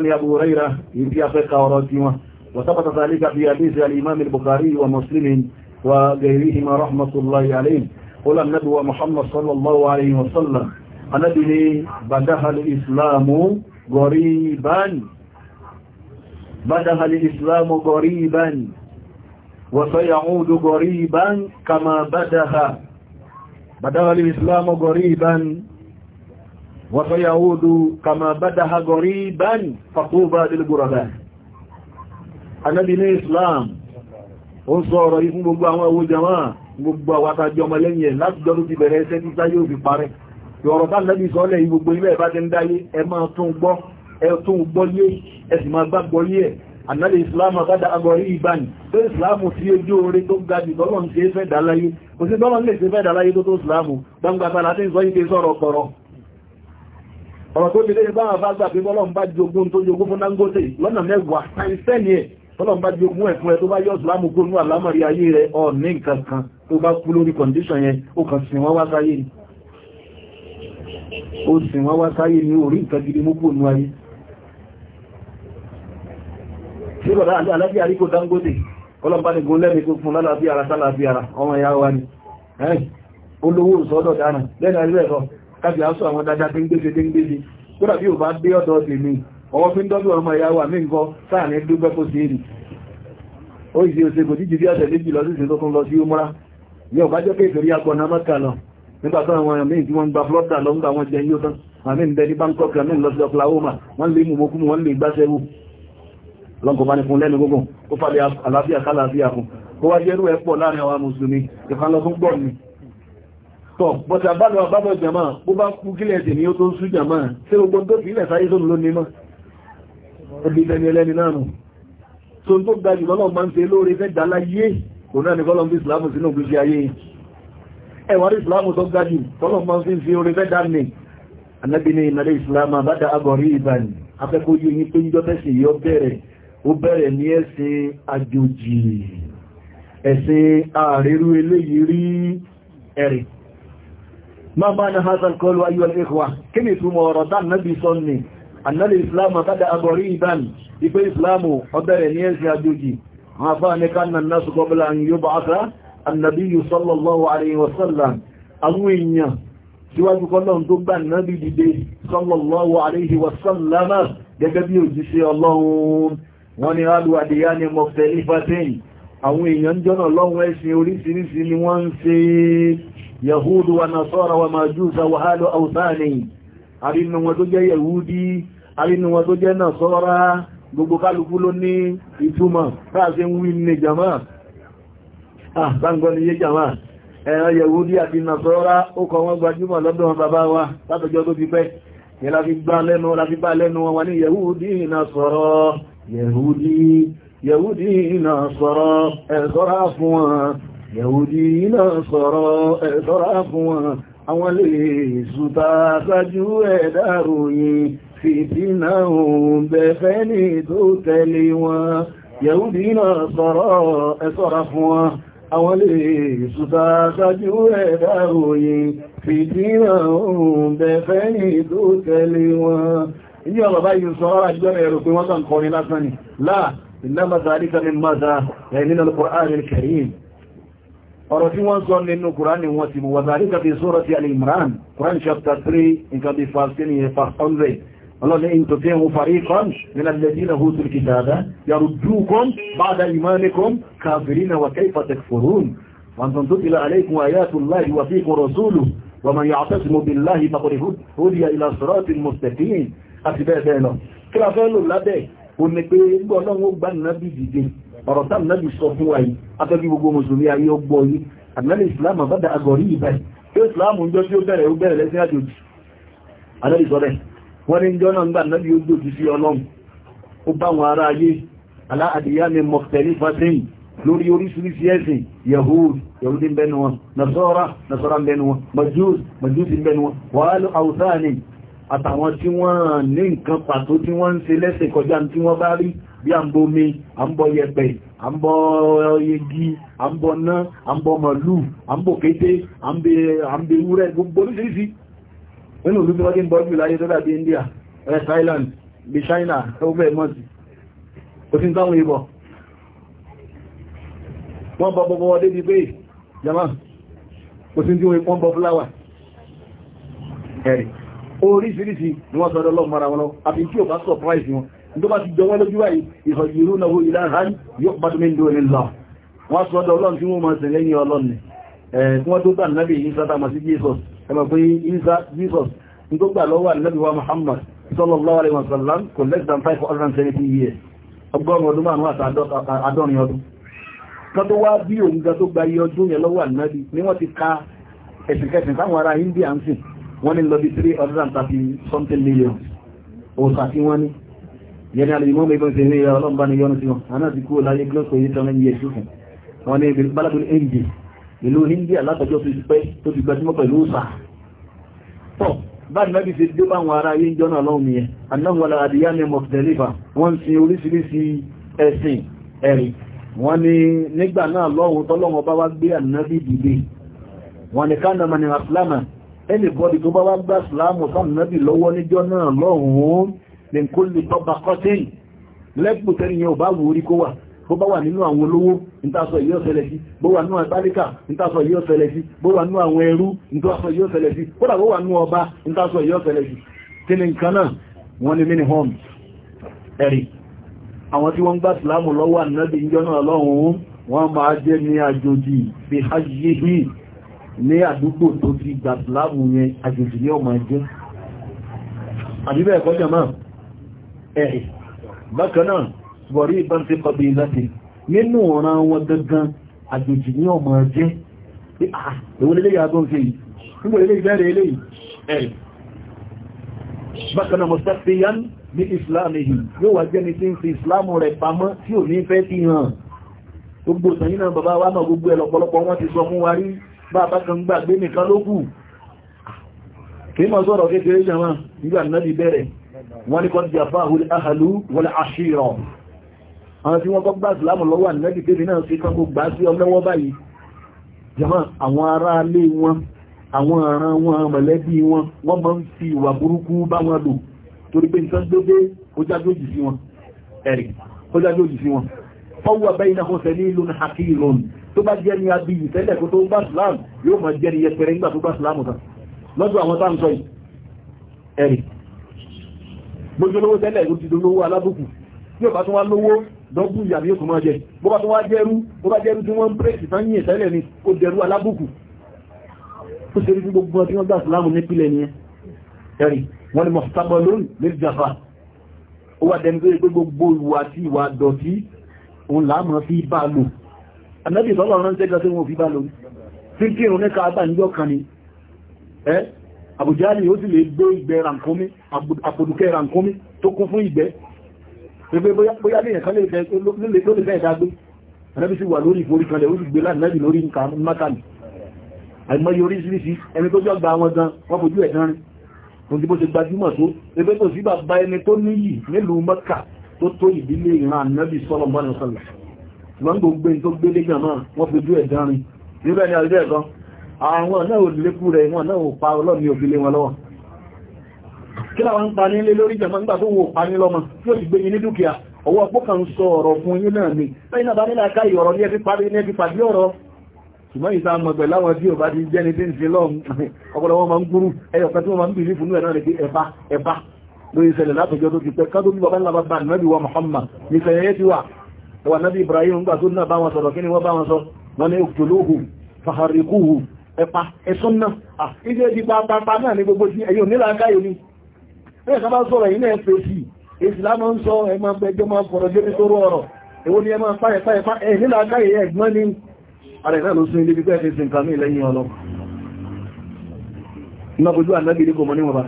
ni Abu Hurairah ìdí afẹ́ka ọ̀rọ̀ tiwọn wọ́n sábàtà sàlẹ́ gàbí àdéhìí al-Imam wa Muslim وغيرهما رحمة الله عليه قال النبي محمد صلى الله عليه وسلم النبي بدها الإسلام غريبا بدها الإسلام غريبا وسيعود غريبا كما بدها بدها الإسلام غريبا وسيعود كما بدها غريبا فطوبى للغرباء النبي الإسلام ó ń sọ ọ̀rọ̀ yìí fún gbogbo àwọn owó jama gbogbo àwátajọ ọmọ lẹ́yìn ẹ̀ láti jọ ló ti bẹ̀rẹ̀ ẹsẹ́ títá yóò fi parẹ́ ọ̀rọ̀ bá lẹ́bí sọ́lẹ̀ yìí gbogbo ilẹ̀ bá ti ń dáyé ẹ máa tún gbọ́ ẹ tún gbọ́ yé ẹ sì máa gbàgbọ́ yé ẹ̀ ànálẹ̀ ìsìláàmù àbádá agbọ̀rí ìbáni tó ìsìláàmù tí ó jó orí tó ga jù tọ́lọ́n ṣe fẹ́ dáláyé kò sí tọ́lọ́n lè ṣe fẹ́ dáláyé tọ́lọ́n bá jogún ẹ̀ fún ẹ tó bá yọ́ ìsìlámù gónú àlámọ̀rí ayé rẹ̀ ọ̀ ní nǹkan kan tó bá kú lórí kọ̀ndíṣọ̀n yẹn ó kàn sìn wọ́n wá sáyé ni ó sìn wọ́n wá sáyé ni orí nǹkan gidi mú gbónú ayé tí bọ̀dá alábíà rí kó Dangote kọ́lọ́n bá ní gún lẹ́mi tó fún lálàáfíà ara sálàáfíà ara ọmọ ìyá wa ni olówó sọ́dọ̀ dáná lẹ́nu àríwẹ̀ lọ káfíà sọ àwọn dáadáa déńgbèsè déńgbèsè kódà bí ò bá dé ọ̀dọ̀ tèmi ọwọ́ fi ń dọ́gbọ̀ ọmọ ìyá wà mí nǹkan sáà ní dúpẹ́ kó sí èrì ó ìsì òsè kò jíjì bí ọ̀sẹ̀ méjì lọ sí ìsìn tó tún lọ sí umra yóò bá jẹ́ pé ìfèrí agbọ̀nà mẹ́ta lọ nígbà tó àwọn míì tí wọ́n gba flọ́tà lọ nígbà wọn jẹ yóò tán àmì ń bẹ ní bá lọ bá lọ bábọ̀ bó bá kú kílẹ̀ tèmi ó tó ń sú jàmá tí gbogbo tó fi ilẹ̀ sáyé tó ń lónìí mọ́ ẹbí lẹ́ni ẹlẹ́ni náà nù tó tó ga jù lọ́lọ́ máa ń ṣe lóore fẹ́ dá láyé kò náà ní kọ́lọ̀ bí ìsìlámù sínú gbèsè ayé ẹwà rí ìsìlámù tó ga jù kọ́lọ̀ máa ń fi ṣe oore fẹ́ dá nì anábì ní ìmọ̀lẹ́ ìsìlámù àbádá agọ̀rí ìbàn afẹ́kọ́ yóò yí pé yíjọ́ tẹ́sì yọ bẹ̀rẹ̀ ó bẹ̀rẹ̀ ní ẹ̀sìn àjòjì ẹ̀sìn ààrẹrú eléyìí rí ẹ̀rì ma bá ní hazard kọlu ayọ́ ẹ̀kọ́ kí ni ìtumọ̀ ọ̀rọ̀ dá nábì sọ́ni annal islam kada agori iban ipe islamu ọbẹ̀rẹ̀ ní ẹ̀sìn àjòjì wọn afá ní kannan nasu qabla an yub'atha annabiyu sallallahu alaihi wasallam àwọn èèyàn síwájú kọ́lọ́n tó gbà nábi dìde sallallahu alaihi wasallama gẹ́gẹ́ bí òjíṣẹ́ ọlọ́run wọ́n ni alùwàdìyà ni mọ̀fẹ́ ifatin àwọn èèyàn jọ́nà lọ́wọ́ ẹ̀sìn oríṣiríṣi ni wọ́n ń yahudu wa nasara wa majusa wa halu autani àrínú wọn tó jẹ́ yẹ̀wúdí àrínú wọn tó jẹ́ náà sọ́rá gbogbo kálukú ló ní ìtumọ̀ káàsí ń wí ní jama àbáǹgọ́ ni yé jama ẹ̀rọ yẹ̀wúdí àti nàṣọ́rá ó kọ wọ́n gbajúmọ̀ lọ́dọ̀ wọn bàbá wa látọjọ́ tó ti pẹ́ ni láti gbá lẹ́nu láti bá lẹ́nu wọn wà ní yẹ̀wúdí nàṣọ́rá yẹ̀wúdí yẹ̀wúdí fún wọn àwọn lè ṣùtà sájú ẹ̀dá ròyìn fìtínà òun bẹ̀fẹ́ ní tó tẹ̀lé wọn yẹ̀húdí náà sọ̀rọ̀ ẹ̀sọ́ra fún wọn àwọn lè ṣùtà sájú ẹ̀dá ròyìn fìtínà òun bẹ̀fẹ́ ní tó tẹ̀lé wọn ìyí ọ̀rọ̀ báyìí sọ ọ́rọ̀ àjíjọ́rẹ̀ ẹ̀rọ pé wọ́n kàn kọrin lásán ni láà ìlàmà zàríkà min mọ́ta ẹ̀ nínú al-Qur'an al ọ̀rọ̀ tí wọ́n sọ nínú kùránì wọn ti mú wàzàrí kàfí sọ́rọ̀ ti alìmran kùrán chapter 3 nǹkan bí fasini fast 100 ọlọ́ni in tó fi ń farí kan nínú lẹ́dínà hútù kìtàdá yàrù dúkọ́m bada imanikom kafirina wa kaifa takfurun wọn tó tila alaikun ayatullahi wa fiqun rasulu wa man ya'tasimu ọ̀rọ̀ tá nàbì sọ fún wa yìí afẹ́bí gbogbo mùsùlùmí ayé ọgbọ́ yìí àdínálẹ̀ islam àbádà agọ̀rí ìbáyìí islam ń jọ tí ó bẹ̀rẹ̀ ó bẹ̀rẹ̀ lẹ́sìn àjòjì adẹ́bì sọ bẹ́ẹ̀ wọ́n ní jọ náà gbà nàbì ó gbòjì sí ọlọ́run ó bá wọn ará ayé yahudi ń bẹnu wọn nasọ́ra nasọ́ra ń bẹnu wọn majus majusi ń bẹnu wọn àtàwọn tí wọ́n ní nǹkan pàtó tí wọ́n ń ṣe lẹ́sìn kọjá tí wọ́n bá rí bí à ń bọ omi à ń bọ yẹ̀pẹ̀ à ń bọ yegi à ń bọ ná à ń bọ màlú à ń bọ kété à ń gbogbo oríṣiríṣi nínú ìlú tí wọ́n ti bọ́ jù láyé tó dàbí India West Thailand, bí China tó fẹ́ mọ́ sí kò sí táwọn ibọ̀ wọ́n bọ gbogbo ọdé bí pé jama kò sí tí wọ́n bọ fúláwà ẹ̀rì oríṣiríṣi ni wọ́n sọ́dọ̀ surprise wọn tó bá ti jọwọ́ lójú wáyé ìfọ̀jìrú náà ilá hàn yóò bá tún mẹ́ndò ní lọ wọ́n sọ ọdọ̀ ọlọ́run tí wọ́n máa sìn lẹ́yìn ọlọ́run tí wọ́n tó tàn nábì Isa tàmà sí Jesus ẹmọ̀ pé Isa Jesus ní tó gbà lọ́wọ́ ànábì wa Muhammad sallallahu alaihi wasallam kò less than 570 years ọgọ́rùn ọdún márùn-ún àti àádọ́rin ọdún kan tó wá bí òun ga tó gba iye ọdún yẹn lọ́wọ́ ànábì ni wọ́n ti ka ẹ̀sìnkẹsìn táwọn ará India ń sìn wọ́n ní lọ bí 330 something million òsà tí wọ́n ní yẹni alìmọ́ mẹ́gbẹ́ ṣe rí ọlọ́mbà ni yọ́nà sí wọn a náà ti kúrò láyé gílọ́sọ̀ yìí tán lẹ́yìn ẹ̀ṣù fún wọn ni balabul Hindi ìlú Hindi alátọjọ́ tó ti pẹ́ tó ti gbajúmọ̀ pẹ̀lú ọ̀sà tọ́ báyìí mẹ́bí ṣe dé báwọn ará yé ń jọ́nà ọlọ́run yẹn anáhùn ala adiyani mọ̀fẹ́lẹ́fà wọ́n sin oríṣiríṣi ẹ̀sìn ẹ̀rì wọ́n ni nígbà náà lọ́hun tọ́lọ́wọ́n bá wá gbé ànábì dìde wọ́n ni kánà mani aslámà ẹnìbọ́dì tó bá wá gbá sùlámù sáà nábì lọ́wọ́ níjọ́ náà lọ́hun lè kó lè tọ́ba kọ́tẹ́yìn lẹ́gbù tẹ́ni yẹn ò bá wù orí kó wà bó bá wà nínú àwọn olówó nítàsọ yìí ọ̀sẹ̀lẹ̀ sí bó wà nínú àgbáríkà nítàsọ yìí ọ̀sẹ̀lẹ̀ sí bó wà nínú àwọn ẹrú nítàsọ yìí ọ̀sẹ̀lẹ̀ sí kódà bó wà nínú ọba nítàsọ yìí ọ̀sẹ̀lẹ̀ sí ni nǹkan náà wọ́n ní mini homes ẹ̀rì àwọn àdúgbò tó ti gbà yẹn àjòjì ní ọmọ ẹjẹ́ àdíbẹ̀ ẹ̀kọ́ jẹ́ máa ẹ̀rì bákan náà bọ̀rí ìbọn ti kọ́ bí láti nínú ọ̀ràn wọn gangan àjòjì ní ọmọ jẹ́ ìwọ̀n ilé yàgbọ́ ń fi nígbò ilé ìbẹ̀rẹ̀ ilé ẹ̀rì bákan náà mọ̀sáfíyàn ní ìsìláàmù yìí yóò wà jẹ́ni tí ń fi ìsìláàmù rẹ̀ pamọ́ tí ò ní fẹ́ fi hàn gbogbo ìtàn yìí náà bàbá wa náà gbogbo ẹ̀lọ̀pọ̀lọpọ̀ wọn ti sọ fún wa rí bá bá kan gbàgbé nìkan lókù kí mọ̀ sọ̀rọ̀ kékeré wọ́n ní kọ́ ti àfáàhù ahàlú wọ́n àṣírọ̀ àwọn tí wọ́n kọ́ gbá ìsìlámù lọ́wọ́ ànẹ́bì tèmi náà fi kan kó gbá sí ọlọ́wọ́ báyìí jàmá àwọn ará ilé wọn àwọn aràn wọn mọ̀lẹ́bí wọn wọ́n máa ń fi ìwà burúkú bá wọn lò torí pé nǹkan dédé ó jágójì sí wọn ẹ̀rì ó jágójì sí wọn fọ́wọ́ bẹ́yìn náà kọ́sẹ̀ ní ìlú hakilon tó bá jẹ́ ní abiyì tẹ́lẹ̀ kó tó gbá ìsìlámù yóò máa jẹ́ ní yẹpẹrẹ nígbà tó gbá ìsìlámù bójú olówó tẹ́lẹ̀ ló ti dolówó alábùkù tí ó bá tún wá lówó dọ́gbù ìyàmí ó tún máa jẹ bó bá tún wá jẹ́rú bó bá jẹ́rú tí wọ́n ń pèsè tán yìí tẹ́lẹ̀ ni ó jẹ́rú alábùkù ó ṣe rí gbogbo tí wọ́n gbà sílámù nípìnlẹ̀ ni ẹ̀rì wọ́n ni mọ̀sítàbọ̀ lónìí lè jàfà ó wà dẹni tó yẹ pé gbogbo ìwà àti ìwà dọ̀tí òun láàmọ́ fi bá lò ànábì sọ́lọ́run ń tẹ́jọ́ tí wọ́n fi bá lò tí kírun ní káàbà níjọ́ kan ni àbújáàlì ó sì lè gbé ìgbẹ́ ràǹkómi àpòdùkẹ́ ràǹkómi tó kún fún ìgbẹ́ pẹ̀lú bóyá lèyàn kan lè bẹ́ ìdágbé ẹ̀nẹ́bí sí wà lórí ìforí kan lẹ̀ ó sì gbé láti lórí nǹkan mátàlì àìmọye oríṣiríṣi ẹni tó jọ gba wọn gan wọ́n fojú ẹ̀ dánrin òun tí bó ṣe gbajúmọ̀ tó ẹgbẹ́ tó sí bàbá ẹni tó níyì nílùú Mẹ́kà tó tó ìdílé ìran ànábì sọ́lọ̀ mọ́nà sọ́lọ̀ ṣùgbọ́n gbogbo ẹni tó gbélé gan náà wọ́n fojú ẹ̀ dánrin níbẹ̀ ni àrídẹ́ ẹ̀kan àwọn náà lékú rẹ̀ wọn náà pa ọlọ́ni òbílé wọn lọ́wọ́ kí láwọn ń pa ní ilé lórí jẹmọ́ nígbà tó wò pa ní lọ́mọ tí ó sì gbé yìí ní dúkìá ọwọ́ pọ́kà ń sọ ọ̀rọ̀ fún yín náà ni lẹ́yìn náà bá nílá ká ìyọ̀rọ̀ ní ẹbí parí ní ẹbí pàdé ọ̀rọ̀ ṣùgbọ́n ìta mọ̀ pẹ̀lú àwọn tí ò bá ti jẹ́ni tí ń fi lọ́m ọpọlọ wọn máa ń gúrú Muhammad ní ìṣẹ̀lẹ̀ yẹn Ibrahim ń gbà tó náà bá wọn sọ̀rọ̀ kí ni wọ́n ẹ̀pà ẹ̀sùn náà ilé ẹbí pàápàá náà ní gbogbo sí ẹ̀yọ́ nílà káyò ní ẹ̀yọ́ sábà sọ̀rọ̀ yìí náà fèsì èsì lámọ́ ń sọ ẹ̀mà ẹjọ́ máa fọ̀rọ̀ jẹ́ nítorú ọ̀rọ̀ èwo ni ẹ̀mà páyẹ̀páyẹ̀pá ẹ̀ nílà káyè ẹ̀gbọ́n ní ààrẹ náà ló sún ilé bí bẹ́ẹ̀ fèsì nǹkan mí lẹ́yìn ọlọ́ iná bojú ànábì ní kò mọ́ níwọ̀n bá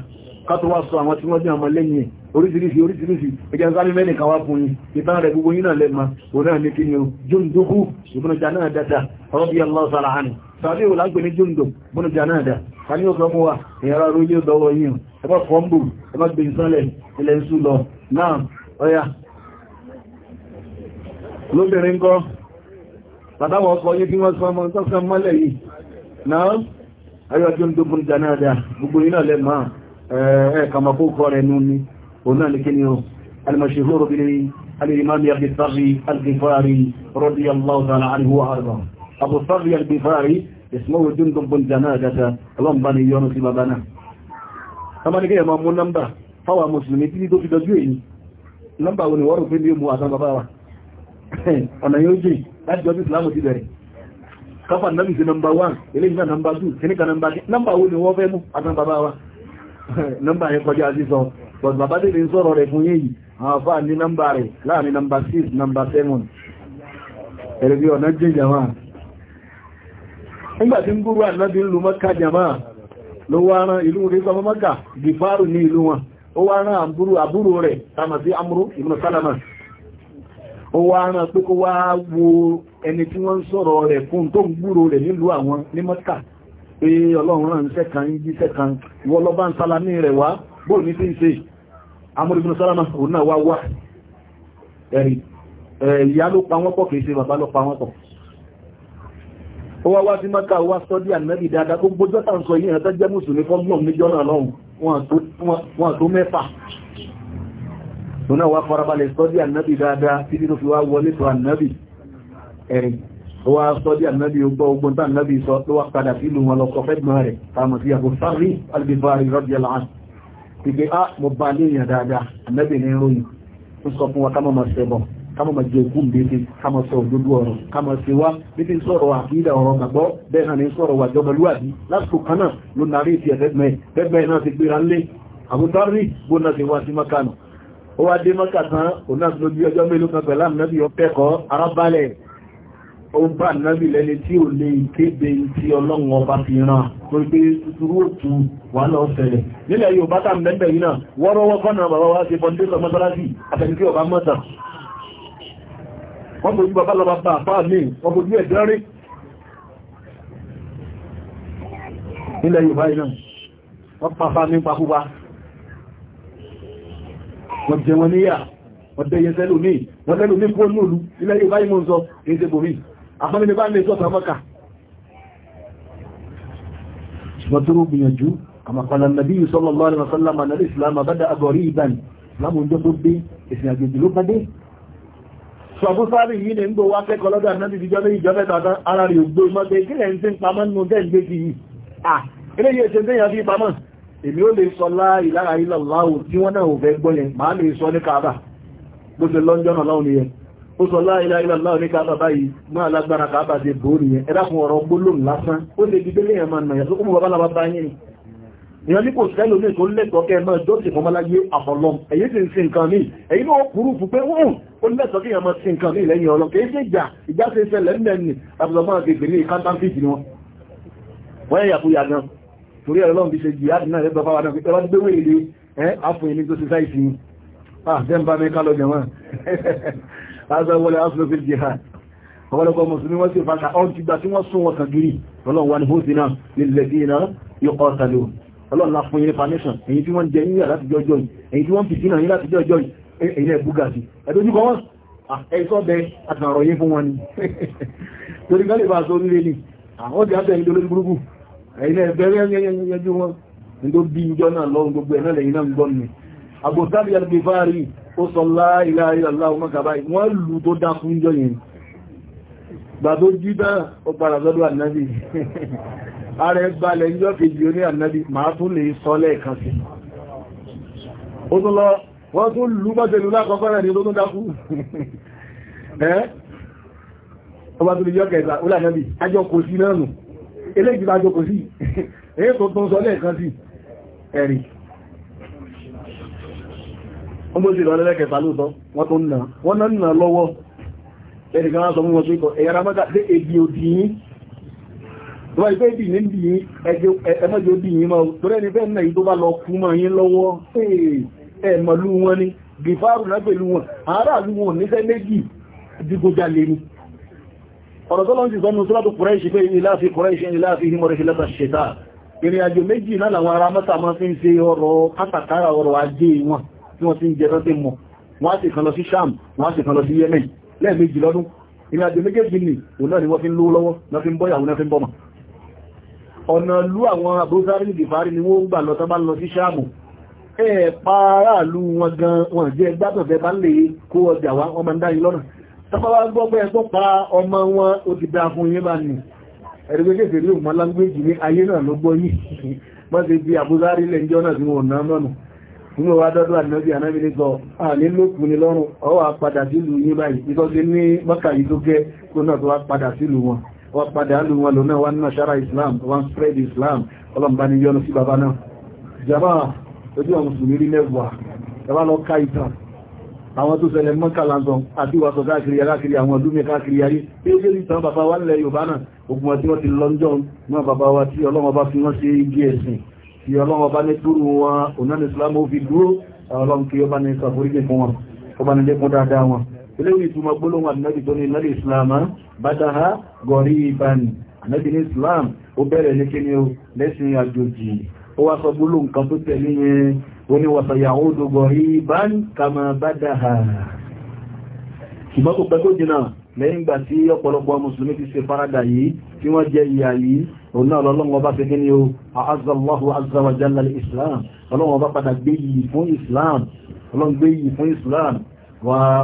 ká tó wá sọ àwọn tí wọ́n jẹ́ ọmọ lẹ́yìn oríṣiríṣi oríṣiríṣi ẹjẹ́ sáré mẹ́rin kan wá fún yí ìtàn rẹ̀ gbogbo yínà lẹ́gbà òun náà ní kí ni o jùndùkú ìbùnú jànáà dáta ọ̀rọ̀bí allah sára hàn sàbí ò lágbé ní jùndù ìbùnú jànáà dá a ní ọ̀sọ́ fún wa ìyára orójú ọ̀dọ́wọ́ yìí ẹgbẹ́ fọ́mbù ẹgbẹ́ gbé ìsánlẹ̀ ilẹ̀ ìsú lọ náà ọya lóbìnrin kọ́ bàtàwọn ọkọ̀ yìí kí wọ́n sọ ọmọ tọ́sán mọ́lẹ̀ yìí náà ayọ́ jùndù ìbùnú jànáà dá gbogbo yínà lẹ́gbà ẹ̀ẹ̀kàmọ́kó kọ́ rẹ̀ nú ni هنالك المشهور بالإمام أبي الثري الغفاري رضي الله تعالى عنه وأرضاه أبو الثري الغفاري اسمه جندب بن جنادة اللهم بني يونس بابنا kama ní kíyàmà mú nọ́mbà fáwà mùsùlùmí tí tó fi dọjú èyí nọ́mbà wọn ni wọ́n rò fún ilé mú àtàn bàbá wa ọ̀nà yóò jẹ́ láti jọjú ìsìlámù ti bẹ̀rẹ̀ káfà nọ́bì sí nọ́mbà 1 ilé ìgbà nọ́mbà 2 kìníkà nọ́mbà 3 nọ́mbà wọn ni wọ́n fẹ́ mú àtàn bàbá wa nọ́mbà yẹn kọjá sísọ but bàbá tèmi ń sọ̀rọ̀ rẹ̀ fún yìí àwọn afá ní nọ́mbà rẹ̀ láàrin nọ́mbà 6 nọ́mbà 7 ẹ̀rẹ̀bí ọ̀nà jẹ́ jama nígbàtí ń gúrú ànábí ń lu mọ́ká jama ló wá rán ìlú rífà mọ́ká gifáàrù ní ìlú wọn ó wá rán àbúrò rẹ̀ tàmà sí amúrú ibn salama ó wá rán pé kó wá mọ́ká pé ọlọ́run rán iṣẹ́ kan iṣẹ́ kan wọ́n lọ bá ń sálámí rẹ̀ wá bóòlù ní sí ìṣe amúrúbínú sálámà òun náà wá wá ẹ̀rí ìyá ló pa wọ́n pọ̀ kìí ṣe bàbá ló pa wọ́n pọ̀ ó wá wá sí mọ́ta wá sọ́dí ànábì dáadáa tó gbójọ́ tà ń sọ yìí ẹ̀tọ́ jẹ́ mùsùlùmí fọ́gbọ̀n níjọ́ náà lọ́hùn wọn tó mẹ́fà òun náà wá farabalẹ̀ sọ́dí ànábì dáadáa títí tó fi wá wọlé tó ànábì ẹ̀rí wá sọ bí ànábì ogbọ́ ogun tán nábì sọ tó wá padà sí ìlú wọn lọ sọfẹ́ gbọ́n rẹ̀ tàmù sí àbò sáré albifari rọ́bì aláàánú pípé á mo bá lé èèyàn dáadáa ànábì ní ròyìn ó sọ fún wa ká mọ̀ sẹ́bọ̀ ká mọ̀ jẹ òkú mbété ká mọ̀ sọ òdodo ọ̀rọ̀ ká mọ̀ sí wa bí ti ń sọ̀rọ̀ àkídà ọ̀rọ̀ gbàgbọ́ bẹ́ẹ̀ náà ní sọ̀rọ̀ wà jọmọlúwàbí lásìkò kan náà ló nàrí ìtì ẹ̀fẹ́gbẹ́ ẹ̀fẹ́gbẹ́ náà ti gbéra ńlẹ̀ àbútárì gbóná ti wá sí mọ́kànù ó wá dé mọ́kà tán òun náà lójú ọjọ́ mélòó kan pẹ̀lú àmì náà bí ọkẹ́kọ̀ọ́ arábálẹ̀ ó bá náàbì lẹ́ni tí ò lè kéde tí ọlọ́run ọba fi ràn pé dúró òtù wà lọ sẹ̀rẹ̀ nílẹ̀ yóò bá tà mẹ́bẹ̀ yìí náà wọ́rọ́wọ́ kọ́nà bàbá wá sí fọ́ndéṣọ́ mọ́sálásì àtẹnikẹ́ ọba mọ́ta wọ́n bojú bàbá lọ bàbá àpá mi wọ́n bojú ẹ̀dẹ́ rí nílẹ̀ yóò bá iná bá àpọ́nlẹ̀ bá lè sọ́tà mọ́ka ṣùgbọ́n tó rú gbìyànjú àmàkọ̀lá nàbí sallallahu alaihi wasallam nàlẹ́ ìsìlámà bá dá agọ̀rí ìbàn láàmù ìjọ tó dé ìsìn àjèjì ló bá dé ṣọ̀bú sáré yìí ni ń gbò wá kẹ́kọ̀ọ́ lọ́dọ̀ ànábì ìjọ lé ìjọ mẹ́ta ara rẹ̀ ògbó mọ́gbé kí lẹ́yìn tí ń pamọ́ nínú dẹ́ ìgbé ti yìí à ilé yìí ṣe ń tẹ́yàn èmi ó lè sọ lá ilaha illallah tí wọ́n náà ò fẹ́ gbọ́ yẹn lè sọ ní kaaba bó ṣe lọ́njọ́ náà ó sọ láìlá ìlàlá oníkà bàbá yìí máa lágbára kàábà dé bòó nìyẹn ẹ̀dàkùn ọ̀rọ̀ gbólóhùn lásán ó lè dìbé lè ẹ̀mà nàyà tó kún bàbá lábá bá yìí ìyàn ní kò sẹ́lò ní tó lẹ́tọ̀ọ́ kẹ́ mọ́ jọ́sì fún ọmọláyé àfọlọ́m èyí sì ń sin nǹkan míì èyí náà kúrú fún pé wọ́n ó lẹ́tọ̀ọ́ kí ìyàn nǹkan míì lẹ́yìn ọlọ́ kìí sí ìjà ìjà sí ìṣẹ̀lẹ̀ mẹ́rin ni wọ́n wọ́n yẹ̀ yàkúyà gan torí ẹ̀rọ lọ́n bí ṣe jì láti náà lẹ́gbọ́n fáwọn akẹ́kẹ́ wá gbé wé ilé ẹ́ ah jẹ́ ń bá هذا هو الأصل في الجهاد ọ̀pọ̀lọpọ̀ musulmi wọ́n sì fàṣà ọ́n ti gbà tí wọ́n sún wọn kan gírí ọlọ́run wà ní húsí náà lilladhina yuqatalun ọlọ́run láfún yìí permission èyí tí wọ́n jẹ yìí láti jọjọ́ èyí tí wọ́n fi sínà yìí láti jọjọ́ èyí ẹ̀ búgà sí àgbòsáàbí alìgbèfàárí ó sọ láìlá ìlàlá ọmọ kàbáyì wọ́n lù tó dá fún jọ yìí gbà tó jídá ó padà sọ́dọ̀ ànábì ààrẹ balẹ̀ ìjọ kejì oní ànábì máa tún lè sọ lẹ́ẹ̀kan sí ó tún lọ wọ́n tún lù bọ́jẹ̀lú lákọ́kọ́rẹ̀ ní tó tún dákú ẹ́ ẹ̀rì wọ́n bó sì lọ lẹ́lẹ́kẹta lóòtọ́ wọ́n tó nà wọ́n náà nà lọ́wọ́ ẹnìkan wọ́n sọ mú wọn pé ẹ̀yà ramọ́ta dé ebi òdì yìí tó wáyé pé ebi ní bí yìí ẹmọ́jì òdì yìí mọ́ torí ẹni fẹ́ náà yìí tó bá lọ kú mọ́ yín lọ́wọ́ ẹ̀ẹ̀mọ̀lú wọn ni gìfáàrù náà pẹ̀lú wọn aráàlú wọn níṣẹ́ méjì dìgbòjà lè ní ọ̀rọ̀ tó lọ́n ti sọ́nu tó látò kùrẹ́ ìṣẹ́ pé ilá fi kùrẹ́ ìṣẹ́ ilá fi hímọ̀ rẹ̀ fi lẹ́ta ṣẹ̀ta ìrìn àjò méjì náà làwọn ará mọ́ta máa fi ń ṣe ọrọ̀ kátàkárà ọrọ̀ ajé wọn tí wọ́n ti ń jẹ́rọ́ tí mọ̀ wọ́n sì kan lọ sí sham wọ́n sì kan lọ sí yemen lẹ́ẹ̀mejì lọ́dún ìrìn àjò méjèèjì ni òun náà ni wọ́n fi ń lówó lọ́wọ́ náà fi ń bọ́yàwó náà fi ń bọ́mọ̀ ọ̀nà lú àwọn abúrúsárí ẹ̀rẹ́gbẹ́gbẹ́ fèrè òun ní ayé náà ló yìí wọ́n ti di abúrúsárí lẹ́jọ́ náà tí wọ́n náà mọ́nù inú wa dọ́dọ́ àdínábí ànábìlẹ́gọ́ ànílòkù ní lọ́rùn ọwà padà sílù yí báyìí ìtọ́gbé ní mọ́kà yìí tó gẹ́ lónà tó wá padà sílù wọn wá padà lù wọn lónà wá náà sára islam wá ń spread islam ọlọ́mbà ní yọ́nu sí bàbá náà jàmá ojú àwọn mùsùlùmí rí mẹ́wàá ẹwà lọ ká ìtàn àwọn tó ṣẹlẹ̀ mọ́kà lantan àti ìwàsọ̀ káàkiri aláàkiri àwọn ọdún mẹ́ka kiri ayé tí ó jẹ́ ìtàn bàbá wa nílẹ̀ Yorùbá náà ogun àti wọ́n ti lọ́njọ́ náà bàbá wa tí ọlọ́mọba fi wọ́n ṣe igi ẹ̀sìn tí ọlọ́wọ́ bá ní túrù wọn onáni islam ó fi dúró ọlọ́run kí ó bá ní sàforíjì fún wọn ó bá ní lékún dáadáa wọn eléyìí túnmọ̀ gbólóhùn ànábì tó ní ìnáàlì islam bádáha gọ̀rí ìbáni ànábì ní islam ó bẹ̀rẹ̀ ní kíni ó lẹ́sìn àjòjì ó wá sọ gbólóhùn kan tó tẹ̀lé yẹn ó ní wàsàyà ó do gọ̀rí ìbáni kàmà bádáha ṣùgbọ́n kò pẹ́ tó jìnnà lẹ́yìn ìgbà tí ọ̀pọ̀lọpọ̀ mùsùlùmí ti ṣe farada yìí tí wọ́n jẹ ìyà yìí òun náà lọ́lọ́wọ́ bá fi gíní o àázọ́lọ́hù azọ́wàjálà islam ọlọ́wọ́ bá padà gbé yìí fún islam ọlọ́wọ́ gbé yìí fún islam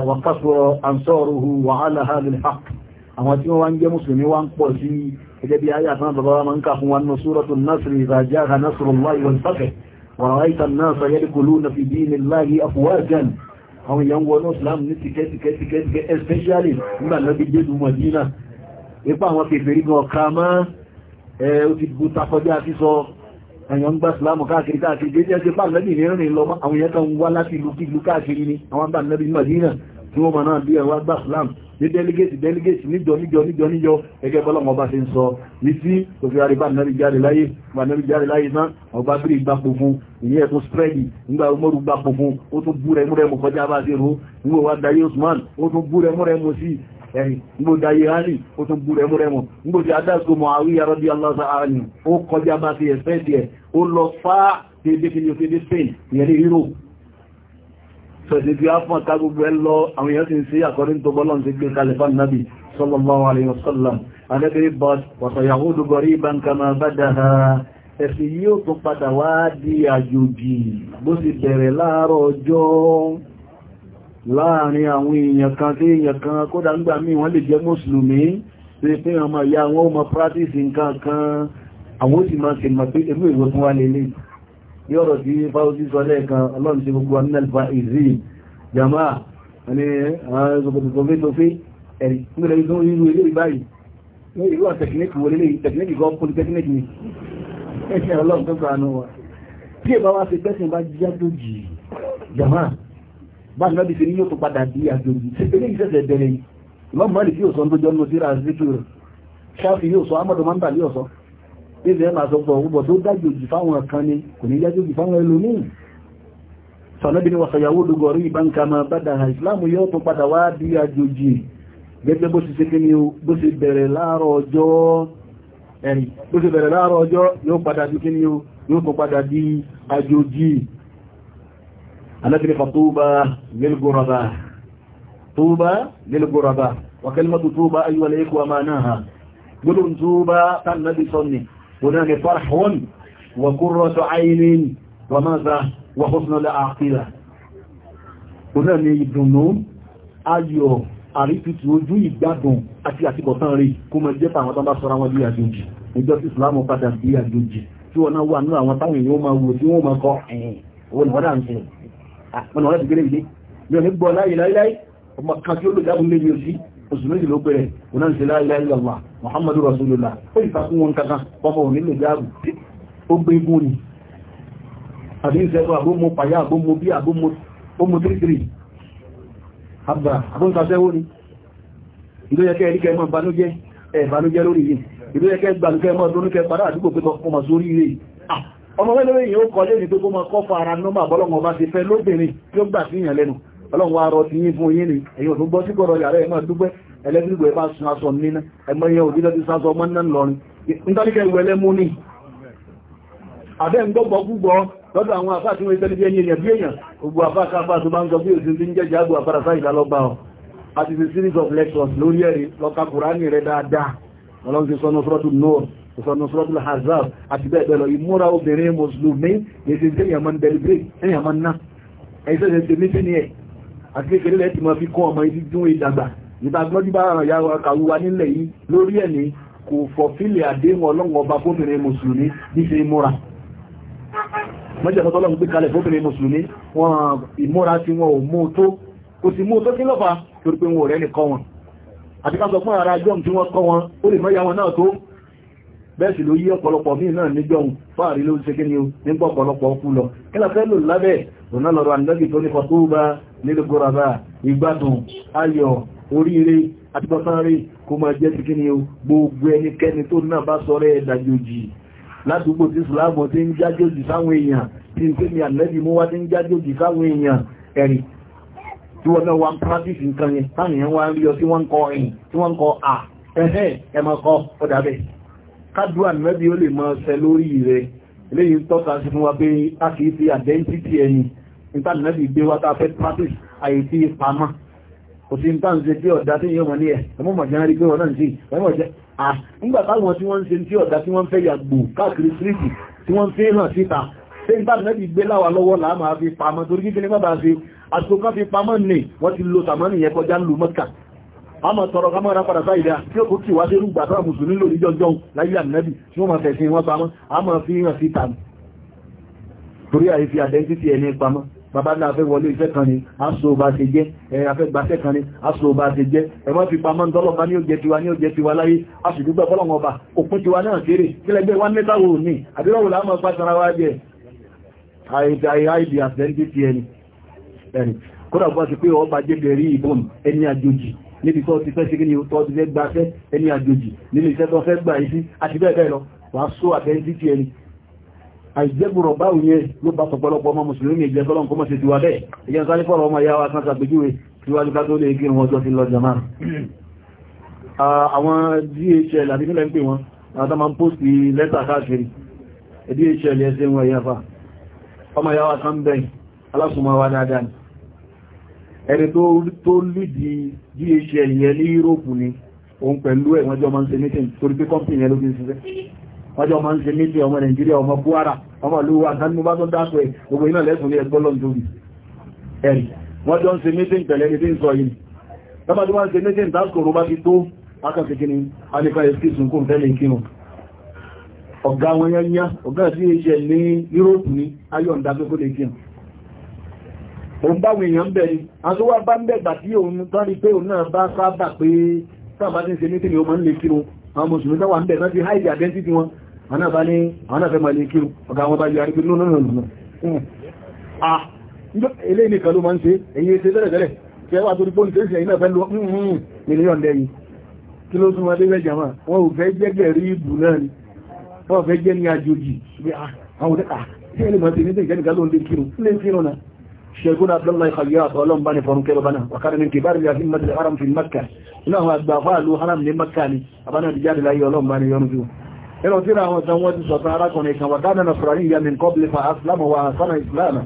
wà kásọ̀rọ̀ ansọ́rùhù wà aláhàlì haq àwọn tí wọ́n wá ń jẹ́ musulmi wá ń pọ̀ sí ẹgbẹ́ bí ayé àtàwọn bàbá ma ń islam ní tìkẹ́tìkẹ́tìkẹ́ especially nígbà lọ́gbẹ́jẹ́ ìlú madina ipa àwọn kèfèrí gan ọ̀ká máa ó ti bú takọjá sí sọ ẹ̀yàn ń gbá ìsìlámù káàkiri káàkiri jẹ́ jẹ́ pàà lẹ́bì ní rìn lọ àwọn èèyàn kan wá láti ìlú kílù káàkiri ni àwọn bá lẹ́bì Madina tí wọ́n máa bí ẹwà gbá ìsìlámù ní délégéètì délégéètì níjọ níjọ níjọ níjọ ẹgẹ́ bọ́lọ́mọ bá ṣe ń sọ ní tí òfin àríbá nàbí jáde láyé bá nàbí jáde láyé tán ọba bírí gbapò fún ìyẹ́ ẹ̀kún sprẹ́dì nígbà ọmọrù gbapò fún ó tún bú rẹmúrẹmù kọjá bá ṣe rú nígbà wá dayé Usman ó tún bú rẹmúrẹmù sí ẹ̀rì gbò dáyé hálì ó tún bú rẹmúrẹmù gbò tí adásko mọ̀ àríyà rọ́dí aláta ààrin ó kọjá bá ti ẹ̀fẹ́ ti ẹ̀ ó lọ fáà tí ebé kí ni ó ti dé Spain ìyẹn Europe sọ̀dẹ̀ bí ápùn ká gbogbo ẹ lọ àwọn èèyàn ti ń sí àkọrin tó bọ́lọ́n ti gbé kalẹ̀ fún nàbì sallallahu alayhi wa sallam alẹ́bẹ̀rẹ̀ bọ́t wàtàyàwódù láàrin àwọn èèyàn kan tí èèyàn kan kódà ń gbà mí wọ́n lè jẹ́ mùsùlùmí tí pé ọmọ ìyá wọn ó mọ practice nǹkan kan àwọn ó sì máa ṣe mọ̀ pé ẹgbẹ́ ìwé fún wa lélẹ̀ ní ọ̀rọ̀ tí fáwọ́sí sọ lẹ́ẹ̀kan ọlọ́run ṣe gbogbo amínàlùfà ìzí jama ní àwọn ẹ̀rí nígbẹ̀rẹ̀ ìgbọ́n irú ilé ìbáyìí ní irú ọ̀ tẹ̀kínẹ́kì wọlé ní tẹ̀kínẹ́kì gan pọ̀lú tẹ̀kínẹ́kì ni ẹ̀ṣẹ́ ọlọ́run tó gbà náà wà tí èbá wá fi pẹ́sìn bá jájò jì jàmáà báyìí náà bí ṣe ní yóò tó padà di àjòjì ṣe pé ní ìṣẹ̀ṣẹ̀ bẹ̀rẹ̀ yìí ìmọ̀ mọ́lì tí yóò sọ lójọ́ ní ojúra zikiru rẹ̀ ṣáfi yóò sọ amọ́dọ̀ máa ń bà ní ọ̀sọ́ pèsè ẹ̀ máa sọ pọ̀ ọgbọ̀ tó dájòjì fáwọn kan ni kò ní yájòjì fáwọn ẹlòmíì sọ̀nẹ́bí ni wàsàyàwó lùgọ̀rí ìbánkà máa bádà hàn ìsìláàmù yóò tó padà wá alábìnrin fa túbá lílgùrọ̀bá túbá lílgùrọ̀bá wa kalimatu túbá ayyuwal ikhwa ma náà gudun túbá tán nábi sọ́ni wadá ni farhun wa qurratu aynin wa maza wa husnul aqila wadá ni ìdùnnú ayọ̀ àrífìtì ojú ìgbádùn àti àtibọ̀tán rí kó mọ̀ jẹ́ fàwọn tán bá sọ́ra wọn bí àjòjì ìjọ́ sí ìsìlámù padà bí àjòjì tí wọ́n náà wà ní àwọn táwọn èèyàn máa wò tí wọ́n máa kọ́ ẹ̀yìn owó ìbọ́dà ń sẹ́yìn àwọn ah, ọ̀rẹ́ ìgbélé ilé mi ò ní gbọ́ láyé láyé ọmọ kan tí ó lò dábùn méjì òsì oṣù méjì ló pẹ̀rẹ̀ òun náà ń ṣe láyé láyé lọ́wọ́ Muhammadu Rasulullah ó ìfà fún wọn kankan ọmọ òun nílò dáàbù ó gbé igun ni àbí ìṣẹ́fọ́ àbómo pàyà àbómo bí àbómo tíríkìrì àbà àbóǹtasẹ́wó ni ìlóyẹ̀kẹ́ ẹ̀ríkẹ́ mọ́ ìbànújẹ́ lórí yìí ìlóyẹ̀kẹ́ gbàlùkẹ́ mọ́ ìdónúkẹ́ padà àdúgbò pẹ́kọ́ ọmọ sórí ọmọ mẹ́lẹ́wẹ́ yìí ó kọlé ní pé kó mọ kọ́ fara nọ́mbà bọ́lọ́wọ́ bá ti fẹ́ lóbìnrin tí ó gbà sí ìyàn lẹ́nu ọlọ́run wa rọ ti yín fún yín ni ẹ̀yin òtún gbọ́ sí gbọ́rọ̀ yàrá ẹ̀mọ́ dúpẹ́ ẹlẹ́gbẹ̀gbẹ̀ ẹ̀ bá sun aṣọ nínú ẹ̀mọ́ yẹn òdílọ́ ti sáṣọ ọmọ náà lọrin nítọ́líkẹ́ ìwẹ̀ lẹ́mú ni àbẹ́ ń gbọ́gbọ́ gbúgbọ́ lọ́dọ̀ àwọn afá tí wọ́n ìtẹ́lẹ̀ bí ẹni ẹ̀bí èèyàn gbogbo afá káfá tó bá ń sọ bí òsìn tí ń jẹ́ jágbó afárasá ìdálọ́gbà ọ̀ àti the series of lectures lórí ẹ̀rí lọ́ka kùránì rẹ̀ dáadáa ọlọ́run ti sọ́nà sọ́rọ́tù náà ìsọ̀nà sọ́dún hazard àti bẹ́ẹ̀ bẹ́ẹ̀ lọ ìmúra obìnrin mùsùlùmí èsì tí èèyàn máa ń deliberate èèyàn máa ń ná ẹ̀yìn sẹ́sẹ̀ ṣe ni ẹ̀ àti kékeré rẹ̀ ti máa fi kún ọmọ ibi dún ìdàgbà ìta gbọ́dí bá ara yàwó kàwúwa nílẹ̀ yìí lórí ẹ̀ ní kò fọ̀fílẹ̀ àdéhùn ọlọ́run ọba fóbìnrin mùsùlùmí bí ṣe múra mọ́jẹ̀kọ́ tọ́lọ́run gbé kalẹ̀ fóbìnrin mùsùlùmí wọn ìmúra tí wọn ò mú tó kò àti ká sọ fún ara john tí wọ́n kọ́ wọn ó lè mọ́ ya wọn náà tó bẹ́ẹ̀sì ló yí ọ̀pọ̀lọpọ̀ míì náà níjọun fáàrí ló ṣe kíni o nígbà ọ̀pọ̀lọpọ̀ ọkú lọ kí la fẹ́ lò lábẹ́ òná lọ́rọ̀ àndọ́gì tó ní kọtúbà nílùú gọ́ràbà ìgbádùn ayọ̀ oríire àtibọ́sánrí kó máa jẹ́ ti kíni o gbogbo ẹnikẹ́ni tó náà bá sọ rẹ̀ dàjòjì ládùúgbò tí ìsìláàmù ti ń jájòjì sáwọn èèyàn tí n tẹ́mi ànẹ́bì mú wá ti ń jájòjì sáwọn èèyàn ẹ̀rì tí wọ́n náà wá ń pàtìsì kádù ànábì ó lè máa ṣẹ lórí rẹ̀ eléyìí tọ́ka sí fún wa pé a kì í fi identity ẹni níta gbé wá tá a fẹ́ practice àìsí pamọ́ kò sí níta ń ṣe tí ọ̀dá tí yóò mọ̀ ní ẹ̀ ẹ̀mọ́ mọ̀ jẹ́ rí pé wọ́n náà ń ṣe ẹ̀mọ́ jẹ́ à nígbà táwọn tí wọ́n ń ṣe tí ọ̀dá tí wọ́n fẹ́ yàgbò káàkiri síríìtì tí wọ́n fi hàn síta ṣe ń tàbí lẹ́bí gbé láwà lọ́wọ́ láà máa fi pamọ́ torí kí ní mọ́bàá fi àtòkán fi pamọ́ ní wọ́n ti lo tàmọ́ nìyẹn kọjá lù mọ́kà a máa tọrọ ká mọ́ra padà sáìdá tí ó kò kí wá sí rúgbà tó àmùsùn nílò ìjọjọ́ láyé ànẹ́bì tí wọ́n máa fẹ̀sìn wọn pamọ́ a máa fi hàn síta torí àyè fi àdẹ́ntítì ẹni pamọ́ bàbá náà fẹ́ wọlé iṣẹ́ kan ni a so bá ṣe jẹ́ ẹ̀yàfẹ́ gbàṣẹ́ kan ni a so bá ṣe jẹ́ ẹ̀mọ́ fi pamọ́ ń tọ́lọ́pàá ní òjẹ́ tiwa ní òjẹ́ tiwa láyé a sì dúgbẹ́ fọ́lọ́wọ́ ọba òpin tiwa náà kéré kílẹ̀gbẹ́ wá mẹ́ta wò ní àdúrọ̀wò láàmọ́ pàtàrà wá jẹ́ àìdí àtẹ́ntítì níbi tó ti fẹ́ ṣe kíni tó ti fẹ́ gba fẹ́ ẹni àjòjì nínú iṣẹ́ tó fẹ́ gbà ìsí àti bẹ́ẹ̀ bẹ́ẹ̀ lọ wà só àtẹ́sí ti ẹni àìjẹ́gbùrọ̀ báwọn yẹn ló bá sọpọlọpọ ọmọ mùsùlùmí ìjẹ́ tọ́lọ́n kó mọ̀ sí ti wà bẹ́ẹ̀ ìjẹ́ sáré fọ́rọ̀ ọmọ ìyá wa kan sàpèjúwe síwájú ká tó lè gí wọn ọjọ́ sí lọ jama àwọn DHL àti nílẹ̀ ń pè wọn àwọn tọ́mà ń post lẹ́tà káàkiri DHL ẹsẹ̀ wọn ìyáfà ọmọ ìyá wa kan bẹ́ẹ̀ alásùnmọ́ wa dáadáa ẹni tó lìdí DHL yẹn ní Europe ni òun pẹ̀lú ẹ̀ wọ́n jọ máa ń ṣe meeting torí pé company yẹn ló fi ń ṣiṣẹ́ wọ́n jọ máa ń ṣe meeting ọmọ Nàìjíríà ọmọ Buhara ọmọ ìlú wa kan ní bá tó dáṣọ ẹ̀ gbogbo iná lẹ́sùn ní ẹgbọ́n Europe ní ayọ̀ ń òun báwọn èèyàn bẹ̀ ni a tó wá bá ń bẹ̀gbà tí òun tán rí pé òun náà bá sábà pé sábà tí ń ṣe ní tí ni ó máa ń lè kírun àwọn mùsùlùmí táwà ń bẹ̀ láti hide identity wọn àwọn náà bá ní àwọn náà fẹ́ máa lè kírun ọ̀gá wọn bá yọ arí pé lónà ah ilé nìkan ló máa ń ṣe èyí ṣe tẹ́lẹ̀ tẹ́lẹ̀ tí ẹ wà tó rí pé oúnjẹ ìṣẹ̀yìn náà fẹ́ lọ mílíọ̀n mm, mm, mm, dẹ́yìn kí ló tún máa débẹ̀ jàmá wọn ò fẹ́ jẹ́gẹ̀ rí ibù náà ni ti ní tẹ̀gẹ́ ah, ah, nìkan ló ń lè شيخنا عبد الله خياط ولهم بني فرنكي بنا وكان من كبار الأئمة الحرم في مكة إنه أسبافا له حرم من مكة أبنا رجال الله ولهم بني يرجو إنه ترى هو سنوات سطارات وكان نصرانيا من قبل فأسلم وأحسن إسلاما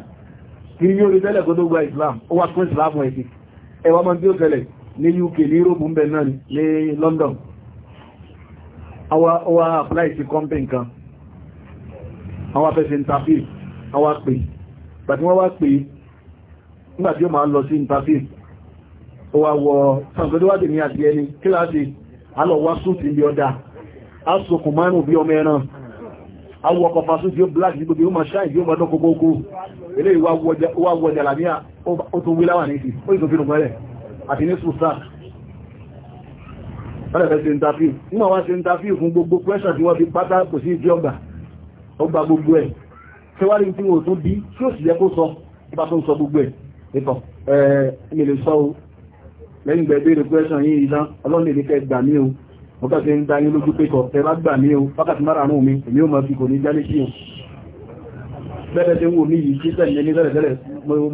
kiri yóò rí tẹ́lẹ̀ kó tó gba islam ó wà fún islam ẹ̀kì ẹwà máa tí ó tẹ́lẹ̀ ní uk ní europe ń bẹ̀ náà ní london àwa apply sí company nígbàtí ó máa lọ sí interface ó wá wọ sàǹkọ́dọ́wàdì ní àti ẹni kíláàsì alọ́wà súùtì bí ọdá asòkùn márùn bí ọmọ ẹran awọ kọfà súùtì ó black ní gbogbo ma ṣáì bí ó mọ́dán gbogbo ogun ilé ìwà wọjà làmíà ó tún wí láwà ní ìsì ó ìsòfin òmọ́lẹ̀ àti ní sùsà ọlẹ́fẹ́ sí interview nígbà wá sí interview fún gbogbo pressure tí wọ́n fi pátá kò sí ìdí ọgbà ọgbà gbogbo ẹ̀ tẹwárí tí wọ́n tún bí tí ó sì yẹ kó sọ ìtọ̀ ẹ̀mì lè sọ o lẹ́yìn gbẹ̀ bèèrè pẹ́ṣọ́ yìí ìdán ọlọ́lẹ̀ ní kẹ́ gbà mí o mo kẹ́ ṣe ń dá yín lójú pé kọ̀ ẹ bá gbà mí o wákàtí márààrún mi èmi ò máa fi kò ní jálé sí o bẹ́ẹ̀ tẹ́ wò mí yìí kí sẹ́yìn ní tẹ́lẹ̀tẹ́lẹ̀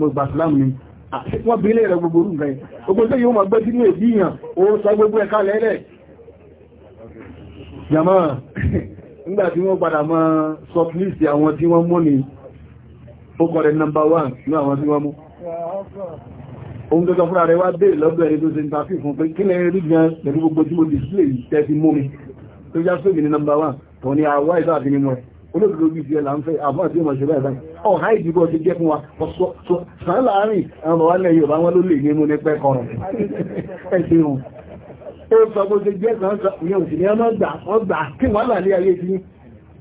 mo gbà sílámù mi wọ́n bí ilé rẹ̀ gbogbo orú nǹkan gbogbo tó yóò máa gbé sínú èdè yàn ó sọ gbogbo ẹ̀ka lẹ́lẹ̀ jàmọ́ nígbà tí wọ́n padà mọ́ sọ́pìlìsì àwọn tí wọ́n mú ni ó kọ̀ rẹ̀ nọ́mbà 1 ní àwọn tí wọ́n mú ohun tó sọ fúnra rẹ̀ wá bèèrè lọ́dọ̀ ẹni tó ṣe ń tàfí fún pé kí lẹ rí gan pẹ̀lú gbogbo tí mo display tẹ́ fi mú mi tó já sóbì ní nọmbà wà tọ́ ni àwọ́ ìdá àti mímọ̀ ẹ̀ olóògbé ojú ti ẹ̀là ń fẹ́ àbọ́ àti ìmọ̀ ìṣẹ̀lẹ̀ ẹ̀dá ọ̀há ìdìbò ti jẹ́ fún wa sàn láàárín àwọn bàbá ilẹ̀ Yorùbá wọn ló lè ní mú ní pẹ́ kọrùn ẹ̀sìn rùn ó sọ bó ṣe jẹ́ sàn yẹn òsì ní ọmọ gbà wọ́n gbà kí wọ́n là ní ayé ti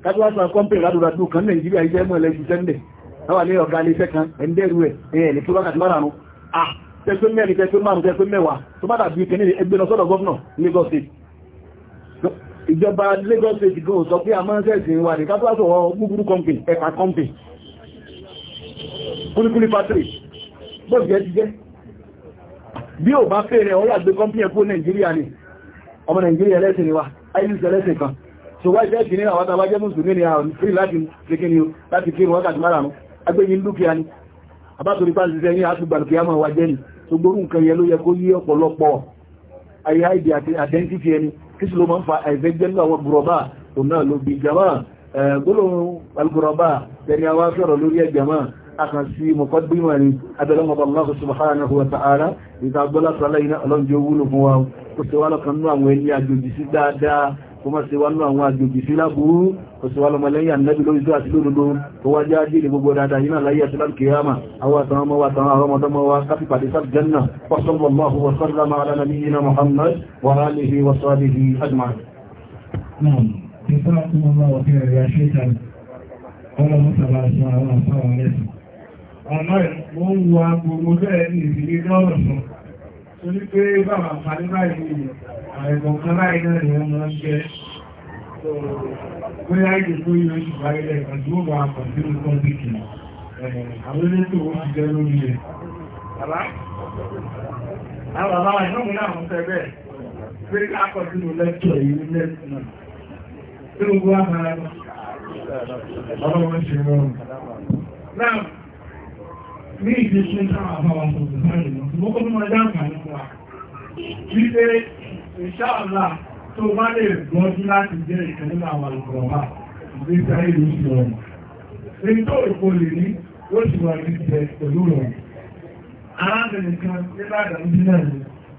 kájúwá sàn kọ́ńpẹ̀ rádùrádù kan Nàìjíríà iṣẹ́ ẹwà lé ọ̀gá lé fẹ́kan ẹ̀ndẹ́rú ẹ̀ ẹ̀ẹ̀lẹ̀ tó wákàtí márùn-ún ah tẹ́gbẹ́ mẹ́rin tẹ́gbẹ́ márùn-ún tẹ́gbẹ́ mẹ́wàá tó bá dàbí kẹ́ nílé ẹgbẹ́ lọ́sọ́dọ̀ gọ́ọ̀nà Lagos State ìjọba Lagos State you sọ pé amọ́nsẹ̀sì why ní kápásọ̀ gbúgbúrú company ẹ̀ka company kúlíkúlí factory bọ́ọ̀sì jẹ́ jíjẹ́ bí ò bá fẹ́ rẹ̀ ọ́ yàgbé company ẹ̀kọ́ Nàìjíríà ni ọmọ Nàìjíríà lẹ́sìn ni wa ilis ẹlẹ́sìn kan so wáyé jẹ́ ìdí ní àwọn tàbájẹ́ mùsùlùmí ni àwọn free láti kékeré láti kí wọ́n kàtí márùn-ún agbẹ́yìn dúkìá ni àbátorí pàṣíṣẹ́ ní àtúgbàlùkì àmà wà jẹ́ ni tó gbórùn nǹkan yẹ ló yẹ kó yí ọ̀pọ̀lọpọ̀ ayé àìdí àti àdẹ́ntìtì ẹni kí sì ló máa ń fa ẹ̀fẹ́ àwọn gùrọ̀bà jama akan sí mọ̀kọ́ bímọ ni Allah subhanahu wa ta'ala ìta gbọ́lá sọ́lá iná ọlọ́njẹ́ wúlò fún wa ó sì wá kó mọ́ sí wá ní àwọn àjòjì sí lábúrú kò sí wá lọmọ lẹ́yìn ànẹ́bì lórí tó àti lódodo tó wá jáde ní gbogbo dáadáa yìí láyé àti láti kìíyàmà àwọn àtàwọn ọmọ wa àtàwọn àwọn ọmọdọ́mọ wa káfí pàdé sáà jẹ́nà sallallahu ala nabiyyina Muhammad wa alihi wa sahbihi ajma'in Ọmọ torí pé bàbá àǹfààní báyìí àìkọ̀ọ̀kan láì náà ni wọ́n máa ń jẹ́ bóyá ìdè tó yíò oṣù báyìí àdúgbò àpàdé nǹkan bíkì àwọn ó ti jẹ́ lórí rẹ̀. Àwọn ní ìdíṣẹ́ ìṣàwọn àbáwà sọ̀rọ̀ láàrin lọ. Mo kọ́ tó máa dáǹkà nípa wípé ìṣàlá tó bá lè gbọ́jú láti jẹ́ ìkẹ́lẹ́ àwọn ìgbọ̀nwà ìgbésí ayé ló sì rọrùn. Èyí tó ìpò lè ní ó sì wà ní ìjẹ pẹ̀lú rọrùn. Arábìnrin kan nígbà ìdàmúsí náà ni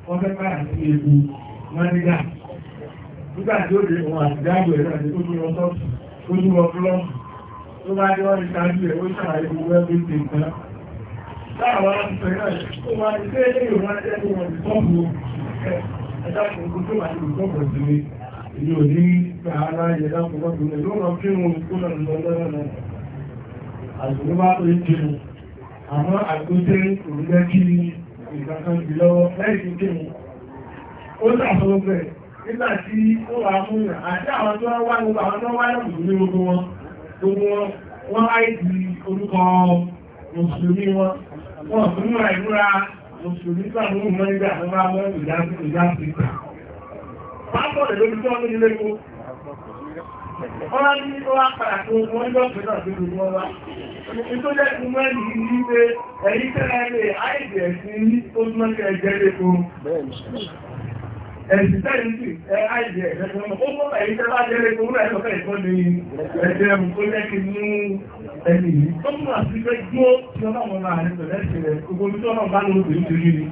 wọ́n fẹ́ bá àti ewu Mánígà. Nígbà tí ó lè wọn àti dáàbò ẹ̀rọ àti tó dúró sọ́ọ̀tù, ó ṣàlàyé gbogbo láàwá ìfẹ̀rẹ̀ tó wá ní pé tó wà ní ìtọ́bù ìsinmi ìlú òní gbàhálà ìyẹ̀dàkùn ọdún ẹ̀lú ọ̀rọ̀ kí wọn kó lọ wọ́n fún mọ́ ìmúra mùsùlùmí pàmò mọ́ nígbà tó bá mọ́ ìdáfíkà pápọ̀lẹ̀ lórí tó ní ilé kó ọlá ní ó wá ní tó wá jẹ́ ẹ̀yí tẹ́lẹ̀ ẹ̀sìtẹ́ ìlú a àìjẹ̀ ẹ̀sìtẹ́ ọmọ ẹ̀yí tẹ́ ọkùnrin àwọn obìnrin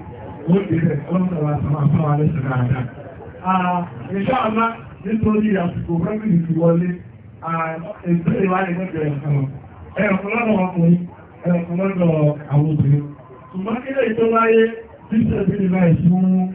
ṣùgbọ́n bí ṣe bí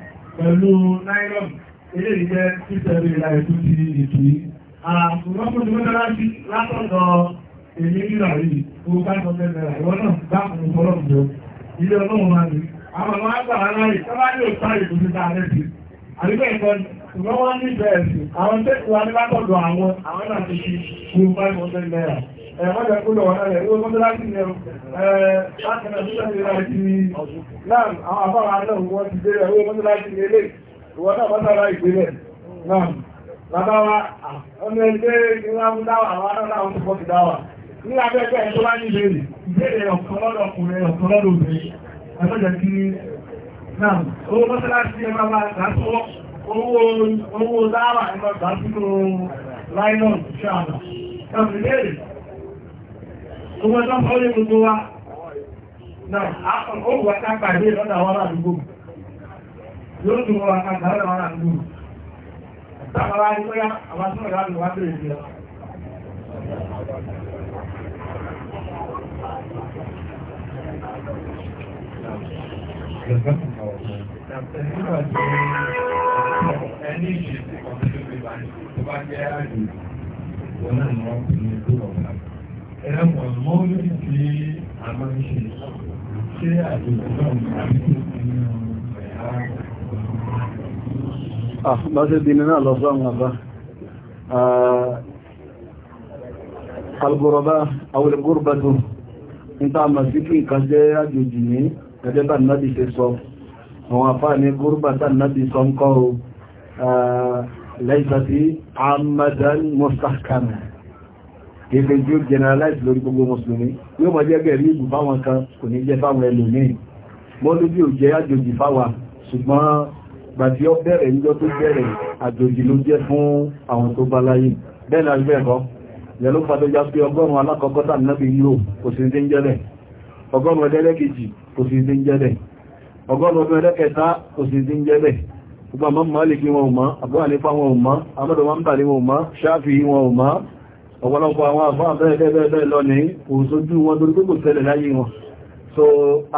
pẹ̀lú nylon ilé ìjẹ́ títẹ̀rí ìlàìtú ti ìtù yìí àtùmọ́kùn tí mọ́tàlá sí látọ̀dọ̀ èmi nílà yìí kó káàkọ́ mẹ́rẹ̀ ìwọ́n náà dákùn fọ́lọ́mùjọ ilé ọlọ́run wá ní àwọn ọmọ àgbà aláì tọ́lá yóò sá ètò sí ta rẹ̀ sí àríkẹ́ ìkan ṣùgbọ́n wọ́n ní bẹ̀rẹ̀ sí àwọn tẹ́kùn wa ní látọ̀dọ̀ àwọn àwọn náà ti fi kó káàkọ́ mẹ́rẹ̀ mọ́jọ kúlọ̀ wọn rẹ̀ ló mọ́jọ láti ní ní abẹ́gbẹ́ ẹ̀ tó bá ní ìbéèrè ìbéèrè ọ̀kan lọ́dọ̀ ọkùnrin ọ̀kan lọ́dọ̀ obìnrin ẹgbẹ́jẹ̀ kí náà owó mọ́sálásí ẹgbẹ́ bá gbásọ́ owó dáwà ẹgbẹ́ gbásínú láìlọ́n ṣáàdà ẹgbẹ́rẹ̀ Gbogbo ọjọ́ mọ́ lè gbogbo wa. Náà, ó wà ká pàdé lọ́dà wọn láti gbogbo. Yóò tún wọ́n wà ká pàdé lọ́dà wọn láti gbogbo. Táwọn ará ní bóyá àwọn tó rẹ̀ láti wá bèèrè sí ọ. Ẹni ìṣẹ́ tí ọ̀pẹ́ tó gbé bá ní, tó bá jẹ́ àjò, ẹ̀wọ̀n mọ́rin tí a máa ń ṣe ah, ṣe àjòjò Algoroba, àwọn ìgbòròbàtò, ń tàà màá sí kí nǹkan jẹ́ àjòjì ní ẹgbẹ́bà náàbì ṣe sọ. Àwọn àfáà ní gúrùbàtà náàbì sọ ń kọ́ lẹ́ìsàtí Amadan ah, Mustahkana kéfẹ́ tí ó generalize lórí gbogbo mùsùlùmí yóò mọ̀ jẹ́ bẹ̀rẹ̀ ìgbù fáwọn kan kò ní jẹ́ fáwọn ẹlòmíì mọ́lú bí ò jẹ́ àjòjì fáwa ṣùgbọ́n gbàtí ó bẹ̀rẹ̀ níjọ́ tó bẹ̀rẹ̀ àjòjì ló jẹ́ fún àwọn tó bá láyé bẹ́ẹ̀ náà bẹ́ẹ̀ kọ́ yẹn ló fàdó já pé ọgọ́rùn alákọ̀ọ́kọ́ tà náà bí lò kò sí ní jẹ́lẹ̀ ọgọ́rùn ẹlẹ́kejì kò sí ní wọn ò mọ́ àbúrà nípa wọn ò mọ́ amọ́dọ̀ ń bà ní wọn ò mọ́ ṣáàfì wọn ò mọ́ ọ̀pọ̀lọpọ̀ àwọn àbá bẹ́ẹ̀bẹ́ẹ̀ lọ ní kò sójú wọn tó tó kò tẹ́lẹ̀ láyé wọn so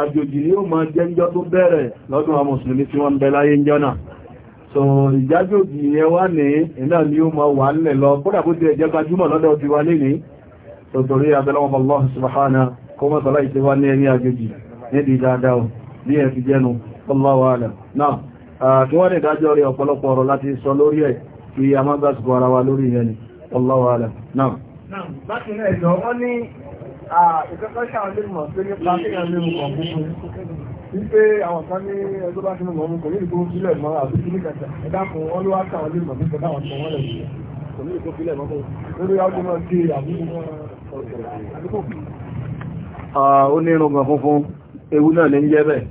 àjòjì ni ó ma jẹ́ ńjọ́ tó bẹ̀rẹ̀ lọ́dún àwọn mùsùlùmí tí wọ́n bẹ láyé ńjọ́ so ìjájòjì yẹn wá ní iná ni ó ma wà nílẹ̀ lọ kódà kó ti ẹ̀jẹ́ gbajúmọ̀ lọ́dọ̀ ti wá lé ní torí abẹ́lọ́wọ́ Kí wọ́n ní ìdájọ́ rí ọ̀pọ̀lọpọ̀ ọ̀rọ̀ láti sọ lórí ẹ̀ kí a máa gbásùkọ̀ ara wa lórí ìyẹn ni. Wallahu a'lam. Náà. Bákan náà ẹ̀dọ̀ wọ́n ní ìkẹ́kọ̀ọ́ṣà lè mọ̀ pé nípa kéèyàn lè mú kàn fún wípé àwọn kan ní ẹgbẹ́ bá ti mú mọ̀ mú kò ní ìgbó sílẹ̀ mọ́ àbí kí ní kẹta ẹ̀dá kan wọ́n ló wá káwọn lè mọ̀ nípa táwọn kan wọ́n lè mú kò ní ìgbó sílẹ̀ mọ́ lórí ọdún náà dé àbúkù ó ní irun gan funfun ewu náà lè ń jẹ́ bẹ́ẹ̀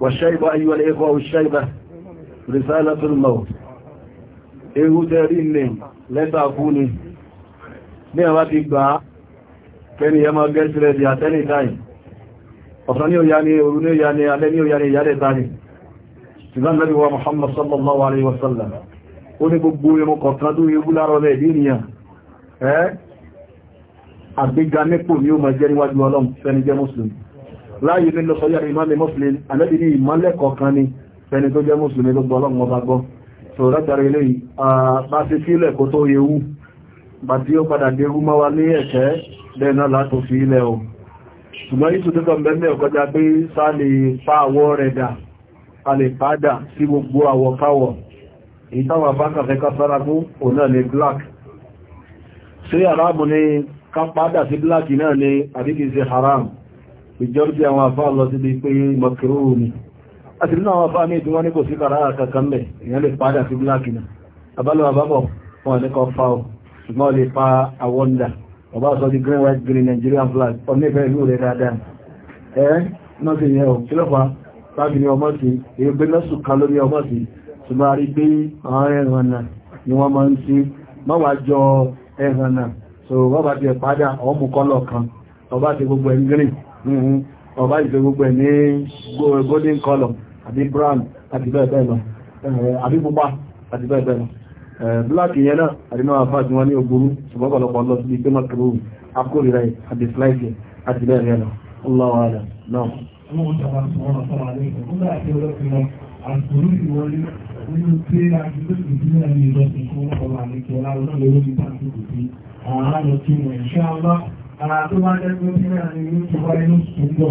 wọ̀ṣẹ́ ìbá ayíwá lè kọ́ òṣìṣẹ́ ìbá rìsáàlá tó lù lẹ́tà fún ni ní ẹ̀wà ti gbà á kẹni ẹmọ gẹ́sìlẹ̀ di àtẹ́lì táì ọ̀sán ní òyà ni òru ní òyà ni alẹ́ ní òyà ni ìyálẹ̀ táì ṣùgbọ́n lẹ́bí wa Muhammad sallallahu alaihi wasallam ó ní gbogbo irun kọ̀ọ̀kan tó yẹ gúlárọ̀ rẹ̀ ní ìyàn ẹ́ àgbéga nípò ní ó mọ̀ jẹ́ níwájú ọlọ́m fẹ́ni jẹ́ muslim so látàrí ilé bá ti sílẹ̀ kó tó yewú bá tí ó padà gẹ́rú mọ́ wa ní ẹ̀kẹ́ lẹ́nà látò fi ilẹ̀ o ṣùgbọ́n ìtù tó tọ́ mẹ́mẹ́ ọ̀kọjá pé sá lè pa àwọ̀ rẹ̀ dà a lè pàdà sí gbogbo àwọ̀ káwọ̀ ìtawà bá àti nínú àwọn afáàmì tí wọ́n ní kò sí kàrà kankan mẹ́ èèyàn lè padà sí bláàkì náà abálọ́ àbábọ̀ wọn ní kan ṣùgbọ́n lè fa àwọ́ndà ọba sọ di green white green Nigerian flag ọmọ ìfẹ́ ìlú rẹ̀ dáadáa ẹ́ náà sì yẹn ò kí lọ́fà láti ní ọmọ sí èyí gbé lọ́sùn kan lórí ọmọ sí ń sí so wọ́n bá ti padà ọmọ kọ́lọ̀ kan ọba ti gbogbo ẹ̀ green hmm, hmm. gbogbo ẹ̀ golden column àbí brown àti bẹ́ẹ̀ bẹ́ẹ̀ lọ eh, àbí pupa àti bẹ́ẹ̀ bẹ́ẹ̀ lọ eh, black yẹn náà àdínà àfáà tí wọ́n ní ogoro ṣùgbọ́n ọ̀pọ̀lọpọ̀ lọ sí pé mọ́kìrò akórira ẹ̀ àti slice àti bẹ́ẹ̀ bẹ́ẹ̀ lọ Allahu náà. Àwọn ọ̀dọ́ wa sọ̀rọ̀ sọ̀rọ̀ àlẹ́ ìgbà tí ó lọ́ọ́ fi wọn àtòrò ìwọlé nínú pé agbègbè ìdílé ní ìlọ́sìn fún ọ̀rọ̀ àlejò aláwọ̀ lórí ìtàkùn òbí àwọn àlọ́ tí wọ́n ń ṣe àwọn ará tó bá dẹ́gbẹ́ sílẹ̀ ní ìwé ìwà inú sùn bọ̀.